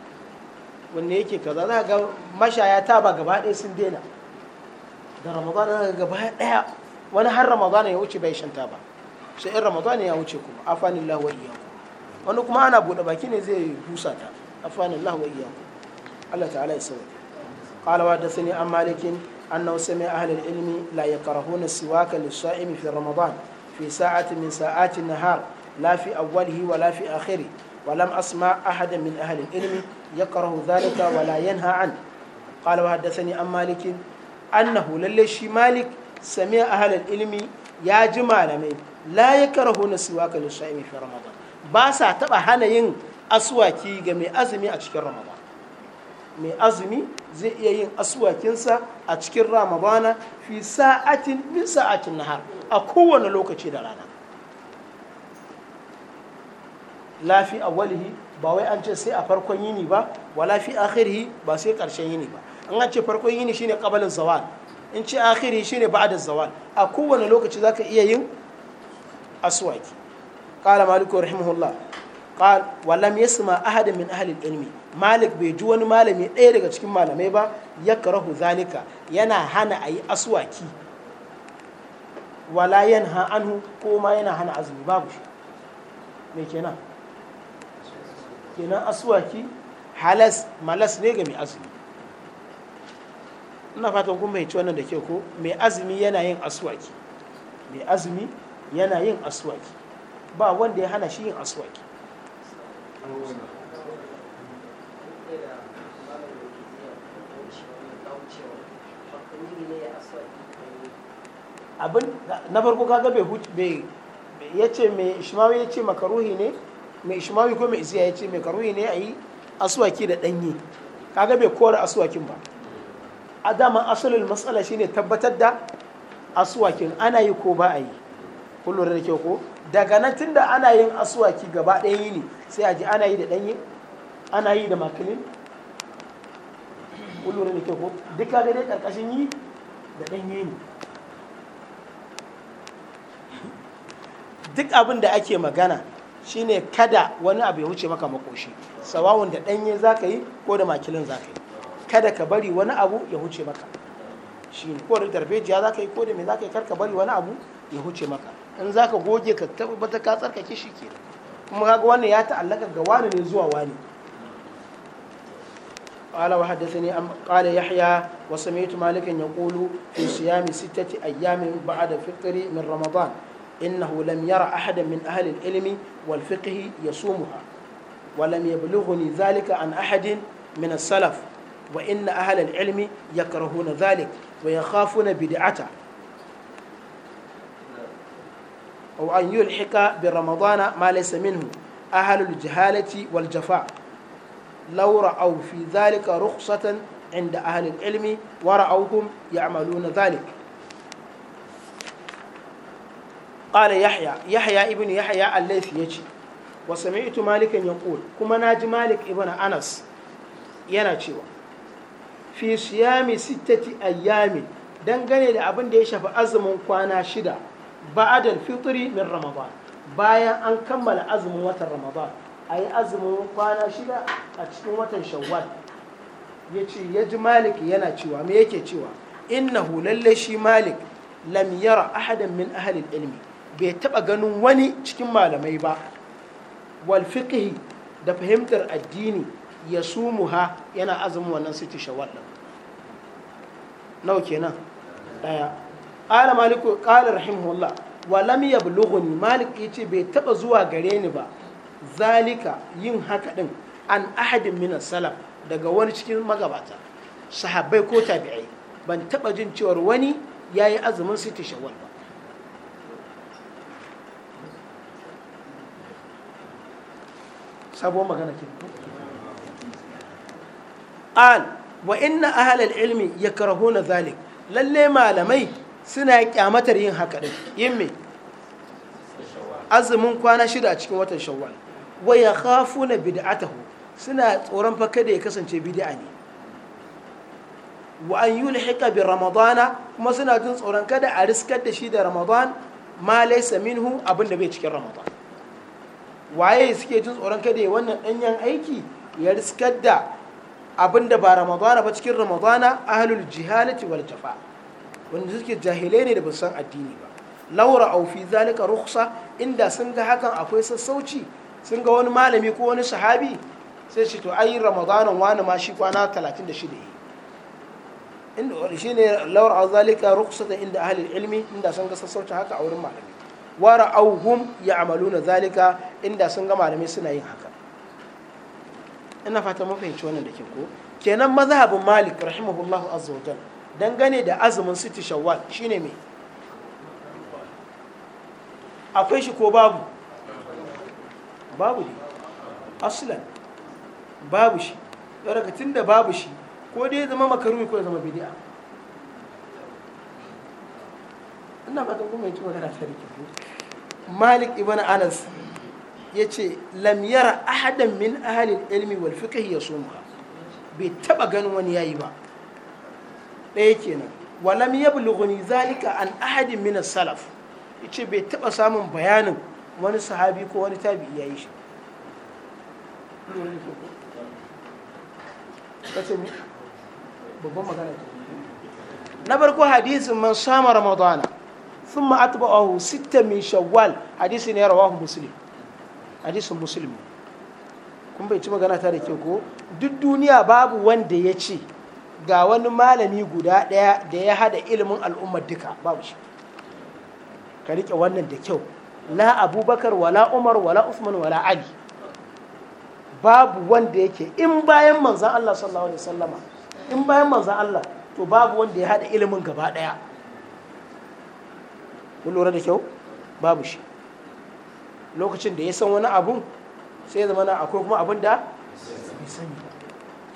A: wanda yake kaza za ga mashaya ta ba gaba ɗaya sun daina da ramadan za ga gaba ɗaya wani har ramadan ya wuce bai shanta ba sai in ramadan ya wuce kuma afanillahu iya ku wani kuma ana buɗe baki ne zai busa ta afanin wa iyyakum Allah ta'ala ya sauke قال وحدثني عن مالك أنه سمع أهل العلم لا يكرهون السواك للصائم في رمضان في ساعة من ساعات النهار لا في أوله ولا في آخره ولم أسمع أحدا من أهل العلم يكره ذلك ولا ينهى عنه قال وحدثني عن مالك أنه للشي مالك سمع أهل العلم يا جمال من لا يكرهون السواك للصائم في رمضان باسا تبع هنا ين أسواكي جميع أزمي أشكر رمضان mai azumi zai iya yin asuwakinsa a cikin ramabana fi sa'atin min sa'atin nahar a kowane lokaci da rana lafi walihi ba wai an ce sai a farkon yini ba wa lafi akhirihi ba sai karshen yini ba an an ce farkon yini shine kabalin zawal in ce akhiri shine da zawal a kowane lokaci zaka iya yin aswaki qala maliku rahimahullah qal walam yasma ahadin min ahli ilmi malik bai ji wani malami ɗaya daga cikin malamai ba yakrahu zalika yana hana ayi aswaki wala yanha anhu ko ma yana hana azumi babu shi me kenan kenan aswaki halas malas ne ga mai azumi ina fatan kun bai wannan da ke ko mai azumi yana yin aswaki mai azumi yana yin aswaki ba wanda ya hana shi yin aswaki abin na farko kaga bai ya ce mai ishmawi ya ce makaruhi ne mai ishmawi ko mai isiya ya ce makaruhi ne a yi asuwaki da danyi kaga bai kora asuwakin ba a daman asalin matsala shine tabbatar da asuwakin ana yi ko ba a yi kun da kyau ko daga nan tunda ana yin asuwaki gaba ɗaya yini sai a ji ana yi da ɗanye ana yi da makilin kun da kyau ko duk kaga dai ƙarƙashin yi da ɗanye ne duk abin da ake magana shine kada wani abu ya wuce maka makoshi sawawun da ɗanye za ka yi ko da makilin za ka yi kada ka bari wani abu ya wuce maka shi ko da tarbejiya za ka yi ko da me za ka yi kar ka bari wani abu ya huce maka in za ka goge ka tabbata ka tsarkake shi ke kuma ka ga wannan ya ta'allaka ga wani ne zuwa wani qala wa haddathani am qala yahya wa sami'tu malikan yaqulu fi siyami sittati ayyamin ba'da fitri min ramadan innahu lam yara ahada min ahli al-ilmi wal sumu yasumuha wa lam yablughuni zalika an ahadin min salaf wa inna ahli al-ilmi yakrahuna dhalik wa ya yakhafuna bid'ata أو أن يلحق برمضان ما ليس منه أهل الجهالة والجفاء لو رأوا في ذلك رخصة عند أهل العلم ورأوهم يعملون ذلك قال يحيى يحيى ابن يحيى الليث يجي وسمعت مالكا يقول كما ناج مالك ابن أنس يناتشيوا في صيام ستة أيام dangane da abin da ya shafi azumin kwana shida ba'ad al-fitri min ramadan bayan an kammala azumin watan ramadan ayi azumin kwana shida a cikin watan shawwal yace ya ji malik yana cewa me yake cewa innahu lalle shi malik lam yara ahadan min ahli ilmi bai taɓa ganin wani cikin malamai ba wal da fahimtar addini ya sumuha yana azumin wannan siti shawwal din nawa kenan ɗaya. qala maliku qala rahimahullah wa lam yablughuni malik yace bai taba zuwa gare ni ba zalika yin haka din an ahadin min salaf daga wani cikin magabata sahabbai ko tabi'ai ban taba jin cewar wani yayi azumin sita shawwal ba sabuwar magana ke al wa inna ahlal ilmi yakrahuna zalik lalle malamai suna kyamatar yin haka din yin me azumin kwana shida a cikin watan shawwal wa yakhafuna bid'atahu suna tsoron fa kada ya kasance bid'a ne wa an yulhiqa bi ramadana kuma suna jin tsoron kada a riskar da shi da ramadan ma laysa minhu abin da bai cikin ramadan waye suke jin tsoron kada ya wannan danyen aiki ya riskar da abin da ba ramadana ba cikin ramadana ahlul jihalati wal jafa' wanda suke jahilai ne da ba san addini ba laura au fi zalika rukhsa inda sun ga hakan akwai sassauci sun ga wani malami ko wani sahabi sai shi to ai ramadanan wani ma shi kwana 36 inda shi ne laura au zalika rukhsa da inda ahalin ilmi inda sun ga sassauci haka a wurin malami wa ra'awhum ya'maluna zalika inda sun ga malami suna yin haka ina fata mun fahimci wannan da ke ko kenan mazhabin malik rahimahullahu azza wa jalla dangane da azumin siti shawwal shine mai akwai shi ko babu babu ne aslan babu shi daga tun da babu shi ko dai zama makarumi ko zama bidi'a ina fatan kuma yanci magana ta rikin malik ibn anas ya ce lamyara ahadan min ahalin ilmi wal fiqh ya bai taba ganin wani yayi ba ɗaya kenan walam yablughuni zalika an ahadin min salaf yace bai taba samun bayanin wani sahabi ko wani tabi'i yayi shi na farko hadisin man sama ramadana ثم أتبعه ستة من شوال حديث رواه مسلم حديث مسلم kun bai ci magana ta da kyau ko duk duniya babu wanda ya ce ga wani malami guda ɗaya da ya hada ilimin al'ummar duka babu shi ka riƙe wannan da kyau la abubakar wala umar wala usman wala ali babu wanda yake in bayan manzan Allah sallallahu alaihi wasallama in bayan manzan Allah to babu wanda ya hada ilimin gaba ɗaya kun lura da kyau babu shi lokacin da ya san wani abun sai ya zama akwai kuma abun da bai sani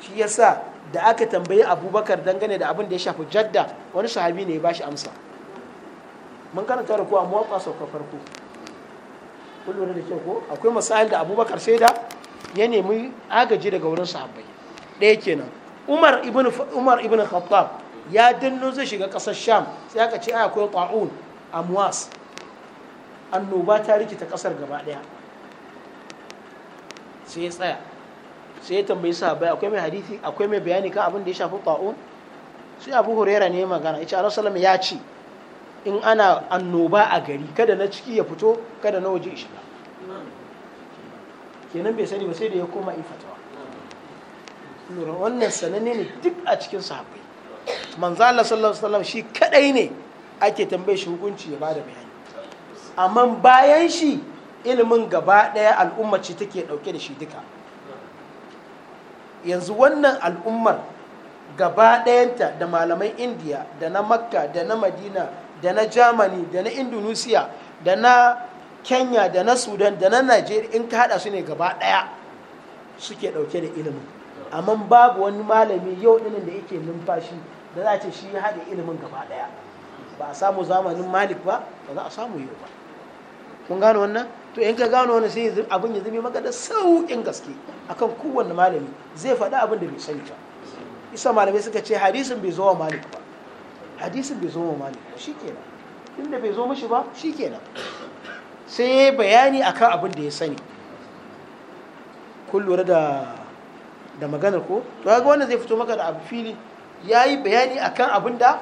A: shi yasa da aka tambayi abubakar dangane da abin da ya shafi jadda wani sahabi ne ya bashi amsa mun karanta da ku a sau ka farko kun da kyau ko akwai misali da abubakar sai da ya nemi agaji daga wurin sahabbai ɗaya kenan umar ibn umar khattab ya dinno zai shiga ƙasar sham sai aka ce akwai a amwas annoba ta rikita ƙasar gaba ɗaya sai ya tsaya sai ya tambayi sahabbai akwai mai hadisi akwai mai bayani kan abin da ya shafi ta'un sai abu hurera ne magana ya ce a rasulullah ya ce in ana annoba a gari kada na ciki ya fito kada na waje shiga kenan bai sani ba sai da ya koma fatawa nura wannan sananne ne duk a cikin sahabbai manzo Allah sallallahu alaihi shi kadai ne ake tambaye shi hukunci ya bada bayani amma bayan shi ilimin gaba daya al'umma ce take dauke da shi duka yanzu wannan al'ummar gaba ɗayanta da malamai indiya da na makka da na madina da na germany da na indonesia da na kenya da na sudan da na nigeria in ka haɗa su ne gaba ɗaya suke ɗauke da ilimin amma babu wani malami yau ɗinin da yake numfashi da za ce shi haɗa ilimin gaba ɗaya ba a samu zamanin malik ba ba za a samu yau ba kun gane wannan to in ka gano wani sai abin ya zame maka da sauƙin gaske akan kowanne malami zai faɗi abin da bai sani ba isa malamai suka ce hadisin bai zo wa malik ba hadisin bai zo wa malik ba shikenan inda bai zo mishi ba shikenan sai ya yi bayani akan abin da ya sani kun lura da da maganar ko to ga wannan zai fito maka da abu fili ya yi bayani akan abin da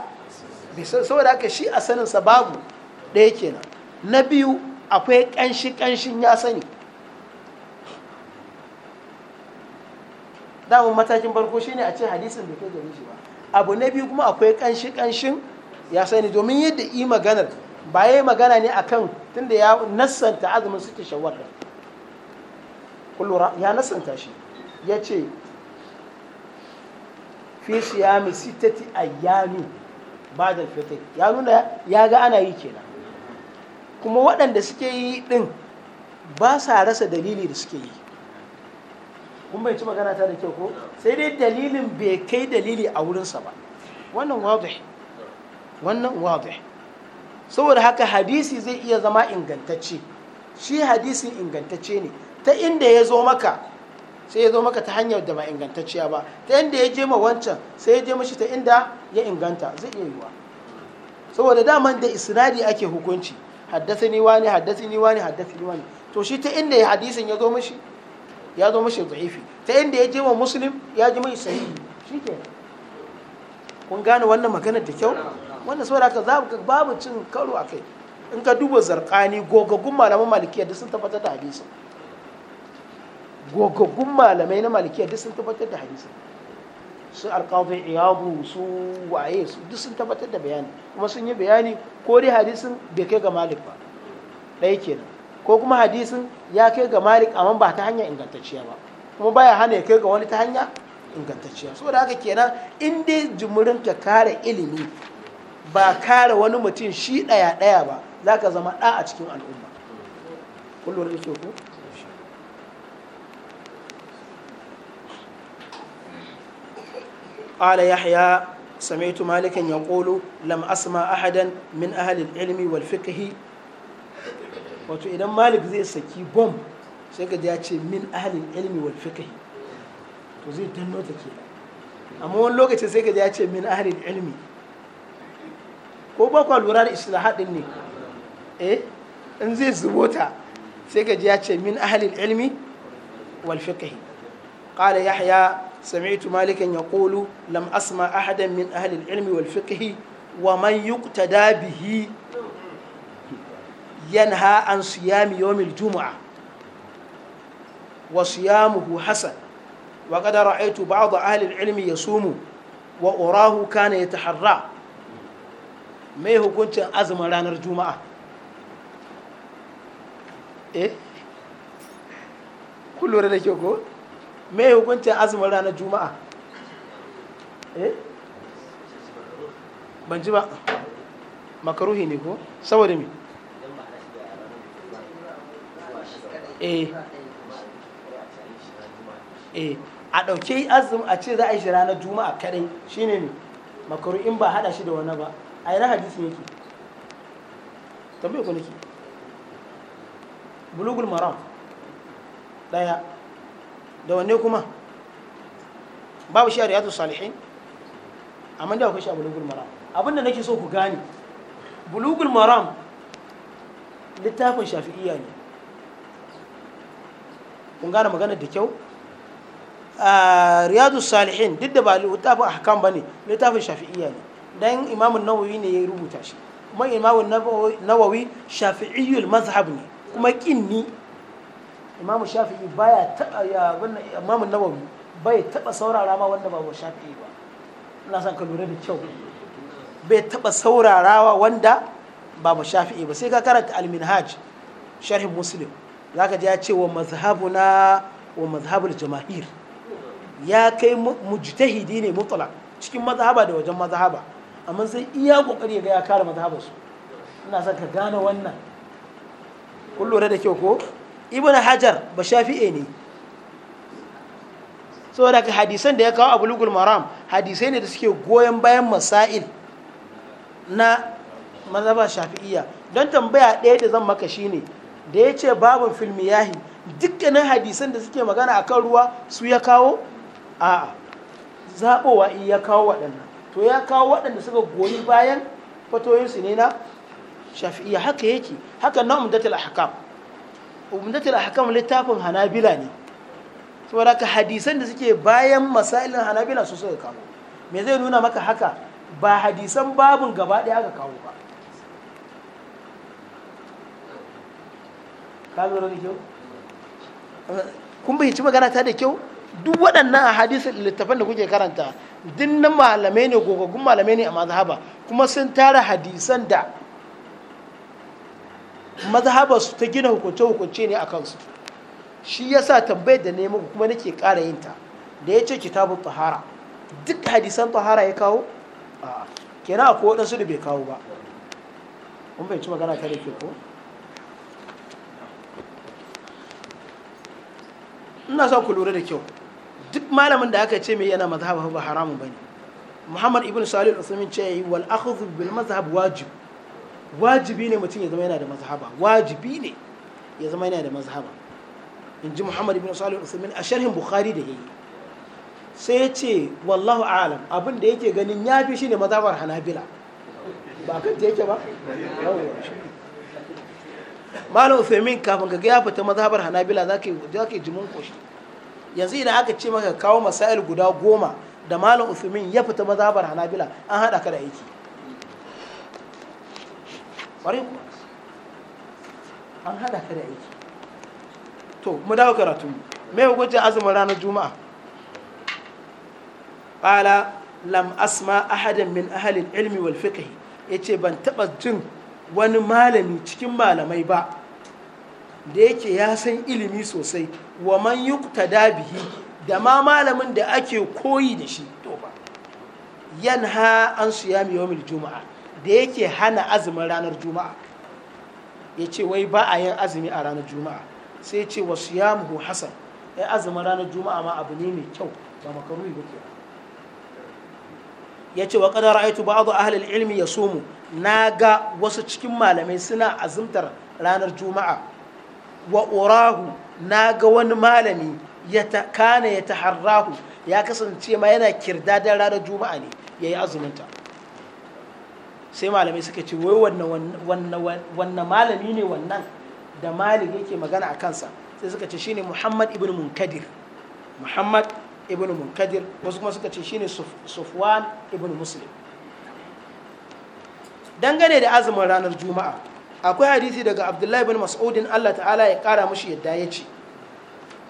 A: bai saboda haka shi a sanin babu ɗaya kenan na biyu akwai ƙanshi ƙanshin ya sani damun matakin shi ne a ce hadisin da kai gari shi ba abu na biyu kuma akwai ƙanshi ƙanshin ya sani domin yadda yi maganar ba ya yi magana ne akan tunda ya nassanta azumin suke shawar kullura ya nassanta shi ya ce fi siyami sittati ayyami ba da fitai ya nuna ya ga ana yi kenan kuma waɗanda suke yi ɗin ba sa rasa dalili da suke yi kun bai ci magana ta da kyau ko sai dai dalilin bai kai dalili a wurinsa ba wannan wadih wannan wadih saboda haka hadisi zai iya zama ingantacce shi hadisi ingantacce ne ta inda ya zo maka sai ya zo maka ta hanyar da ba ingantacciya ba ta inda ya je ma wancan sai ya je mashi ta inda ya inganta zai iya yiwa saboda daman da isnadi ake hukunci haddasani wani haddasani wani haddasani wani to shi ta inda ya hadisin ya zo mashi ya zo mashi da'ifi ta inda ya je wa muslim ya ji mai sahihi shikenan kun gane wannan maganar da kyau wannan saboda haka za ka babu cin karo a kai in ka duba zarkani gogaggun malaman malikiya duk sun tabbatar da hadisin gogaggun malamai na malikiya duk sun tabbatar da hadisin su alƙawfi iyabu su waye su duk sun tabbatar da bayani kuma sun yi bayani ko dai hadisin bai kai ga malik ba ɗaya kenan ko kuma hadisin ya kai ga malik amma ba ta hanya ingantacciya ba kuma baya hana ya kai ga wani ta hanya ingantacciya so da haka kenan in dai jumurin ka kare ilimi ba kare wani mutum shi ɗaya ɗaya ba za ka zama ɗa a cikin al'umma kullum da ku قال يحيى سمعت مالكا يقول لم أسمع أحدا من أهل العلم والفقه wato idan malik zai saki bom sai ka ya ce min ahalin ilmi wal fiqh to zai danno ta ke amma wani lokaci sai ka ya ce min ahalin ilmi ko ba kwa lura da istilahat din ne eh in zai zubo ta sai ka ya ce min ahalin ilmi wal fiqh qala yahya سمعت مالكا يقول لم أسمع أحدا من أهل العلم والفقه ومن يقتدى به ينهى عن صيام يوم الجمعة وصيامه حسن وقد رأيت بعض أهل العلم يصوم وأراه كان يتحرى ما هو كنت أزم رانا الجمعة إيه كل رأيك يقول me hukuncin azumin ranar juma'a eh ban ji ba makaruhi ne ko saboda me eh eh a ɗauke azumin a ce za a yi shi ranar juma'a kadai shine ne makaru in ba hada shi da wani ba a yi na hadisi yake tambaye ku nake bulugul maram ɗaya da wanne kuma babu shi a riyadu salihin amma da akwai shi a bulugul maram abinda nake so ku gane bulugul maram littafin shafi'iyya ne kun gane magana da kyau riyadu salihin duk da ba littafin ahkam bane littafin shafi'iyya ne dan imamun nawawi ne ya rubuta shi kuma imamun nawawi shafi'iyyul mazhab ne kuma kin ni. imamu shafi'i baya taba ya wannan imamu nawawi bai taba saurara ma wanda ba shafi'i ba ina son ka lura da kyau bai taba saurarawa wanda ba mu shafi'i ba sai ka karanta al-minhaj sharhin muslim zaka ji ya ce wa mazhabuna wa mazhabul jama'ir ya kai mujtahidi ne mutlaq cikin mazhaba da wajen mazhaba amma sai iya kokari ga ya kare mazhabarsu ina son ka gane wannan kun lura da kyau ko ibn hajar ba shafi'e ne so ka hadisan da ya kawo a bulugul maram hadisai ne da suke goyon bayan masail na mazhaba shafi'iyya don tambaya ɗaya da zan maka shine da ya ce babin filmiyahi dukkanin hadisan da suke magana a kan ruwa su ya kawo a zaɓowa in ya kawo waɗannan to ya kawo waɗanda suka goyi bayan fatoyinsu ne na shafi'iyya haka yake haka na umdatul ahkam umdatul ahkam littafin hanabila ne saboda ka hadisan da suke bayan masailin hanabila su suka kawo me zai nuna maka haka ba hadisan babun gaba ɗaya ga kawo ba ka lura da kyau kun bayyanci magana ta da kyau duk waɗannan a hadisan littafan da kuke karanta dinnan malamai ne gogaggun malamai ne a mazhaba kuma sun tara hadisan da mazhabarsu ta gina hukunce-hukunce ne a kansu shi ya sa tambayar da nemi kuma nake ƙara yin ta da ya ce kitabun tahara duk hadisan tahara ya kawo a a kowa ɗansu da bai kawo ba kun bai ci magana ta da ke ko ina sa ku lura da kyau duk malamin da aka ce mai yana mazhabar haramun ba ne? muhammad ibn salih al-usaimin ce yi wal akhdhu bil mazhab wajib wajibi ne mutum ya zama yana da mazhaba wajibi ne ya zama yana da mazhaba in ji muhammad ibn salih usman a sharhin bukhari da yayi sai ya ce wallahu alam abin da yake ganin ya fi shi ne mazhabar hanabila ba kan ta yake ba malam usman kafin ka ga ya fita mazhabar hanabila za ka ji mun koshi yanzu idan aka ce maka kawo masail guda goma da malam usman ya fita mazhabar hanabila an hada ka da aiki ƙwarai an hada ta da aiki to mu dawo karatu me hukuncin azumin ranar juma'a qala lam asma ahadan min ahalin ilmi wal fiqh yace ban taɓa jin wani malami cikin malamai ba da yake ya san ilimi sosai wa man yuqtada bihi da ma malamin da ake koyi da shi to ba yanha an siyami yawmil juma'a da yake hana azumin ranar juma'a ya ce wai ba a yin azumi a ranar juma'a sai ce wasu ya muhu hasan ya azumin ranar juma'a ma abu ne mai kyau ba makaruri ba ke ya ce wa kadar aitu ba abu ahalil ilmi ya somu na ga wasu cikin malamai suna azumtar ranar juma'a wa urahu na ga wani malami ya ta kana ya harrahu ya kasance ma yana kirdadar ranar juma'a ne ya yi azuminta sai malamai suka ce wai wannan malami ne wannan da malik yake magana a kansa sai suka ce shine muhammad ibn munkadir muhammad ibn munkadir wasu kuma suka ce shine sufwan ibn muslim dangane da azumin ranar juma'a akwai hadisi daga abdullahi ibn mas'udin allah ta'ala ya kara mushi yadda ya ce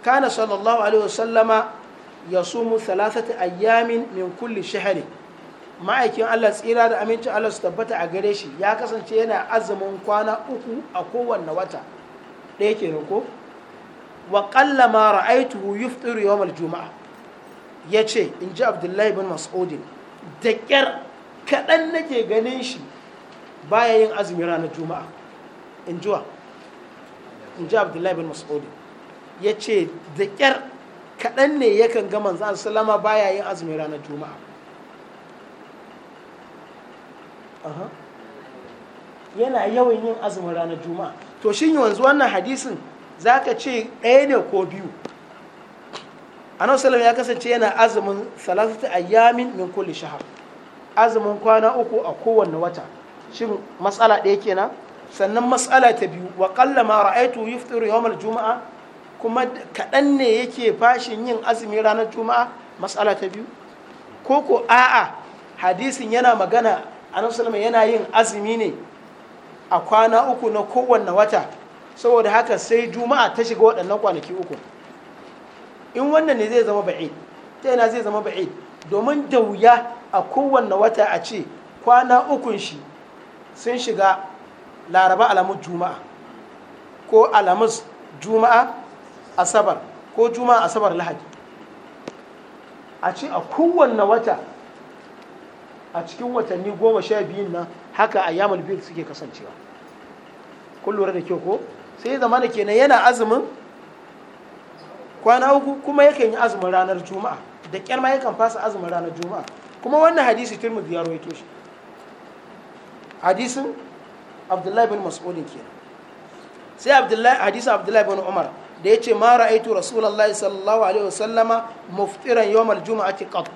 A: kana sallallahu alaihi wasallama ya sumu salasatu ayyamin min kulli shahrin ma'aikin Allah tsira da amincin Allah su tabbata a gare shi ya kasance yana azumin kwana uku a kowanne wata ɗaya ke ko wa qalla ma ra'aytuhu yufṭiru yawm juma'a ya ce in ji Abdullahi bin mas'udin da kyar kaɗan nake ganin shi baya yin azumi ranar juma'a in ji wa in ji Abdullahi bin ya ce da kyar kaɗan ne yakan ga manzon salama baya yin azumi ranar juma'a yana yawan yin azumin ranar juma'a to shin yanzu wannan hadisin za ka ce ɗaya ne ko biyu anasalam ya kasance yana azumin salatatu ayyamin min kulli shahar azumin kwana uku a kowanne wata shin matsala ɗaya kenan sannan matsala ta biyu wa qalla ma yuftiru yawmal juma'a kuma kaɗan ne yake fashin yin azumi ranar juma'a matsala ta biyu ko ko a'a hadisin yana magana annabi sallallahu yana yin azumi ne a kwana uku na kowanne wata saboda haka sai juma'a ta shiga waɗannan kwanaki uku in wannan ne zai zama ba'id ta yana zai zama ba'id domin da wuya a kowanne wata a ce kwana ukun shi sun shiga laraba alamus juma'a ko alamus juma'a asabar ko juma'a asabar lahadi a ce a kowanne wata a cikin watanni goma sha biyun nan haka a yamal bil suke kasancewa kun lura da kyau ko sai zama da kenan yana azumin kwana uku kuma yakan yi azumin ranar juma'a da kyar ma yakan fasa azumin ranar juma'a kuma wannan hadisi turmudi ya rawaito shi hadisin abdullahi bin mas'udin kenan sai abdullahi hadisin abdullahi bin umar da ya ce ma ra'aitu rasulullahi sallallahu alaihi wasallama muftiran yawmal juma'ati qat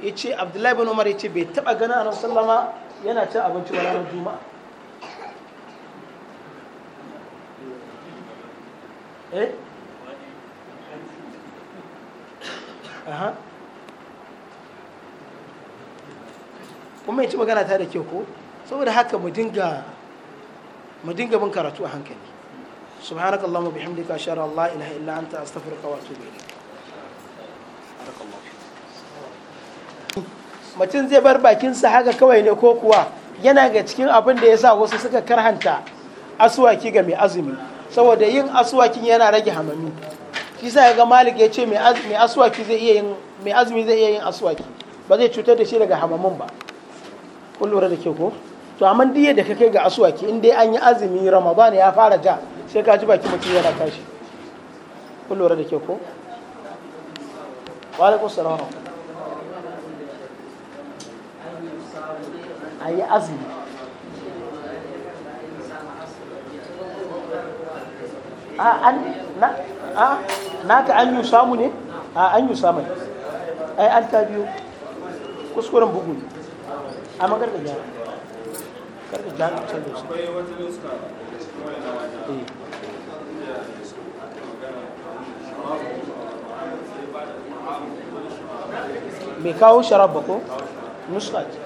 A: ya ce abdullahi bin umar ya ce bai taɓa ganin annabi sallama yana cin abinci ba ranar juma'a eh kuma ya ci magana ta da ke ko saboda haka mu dinga bin karatu a hankali subhanakallahumma bihamdika ashhadu an la ilaha illa anta astaghfiruka wa atubu ilayk mutum zai bar bakinsa haka kawai ne ko kuwa yana ga cikin abin da ya sa wasu suka karhanta asuwaki ga mai azumi saboda yin asuwakin yana rage hamami shi sa ga malik ya ce mai asuwaki zai iya yin mai azumi zai iya yin asuwaki ba zai cutar da shi daga hamamin ba kun lura da ke ko to amma diya da kai ga asuwaki in dai an yi azumi ramadan ya fara ja sai ka ji baki mutum yana tashi kun lura da ke ko wa alaikum salam a yi azumi a an na a naka an yi samu ne a an yi samu ne ai an ta biyu kuskuren bugu ne a magar da gyara karka gyara kusan da su mai eh. kawo sharab ko nuskaci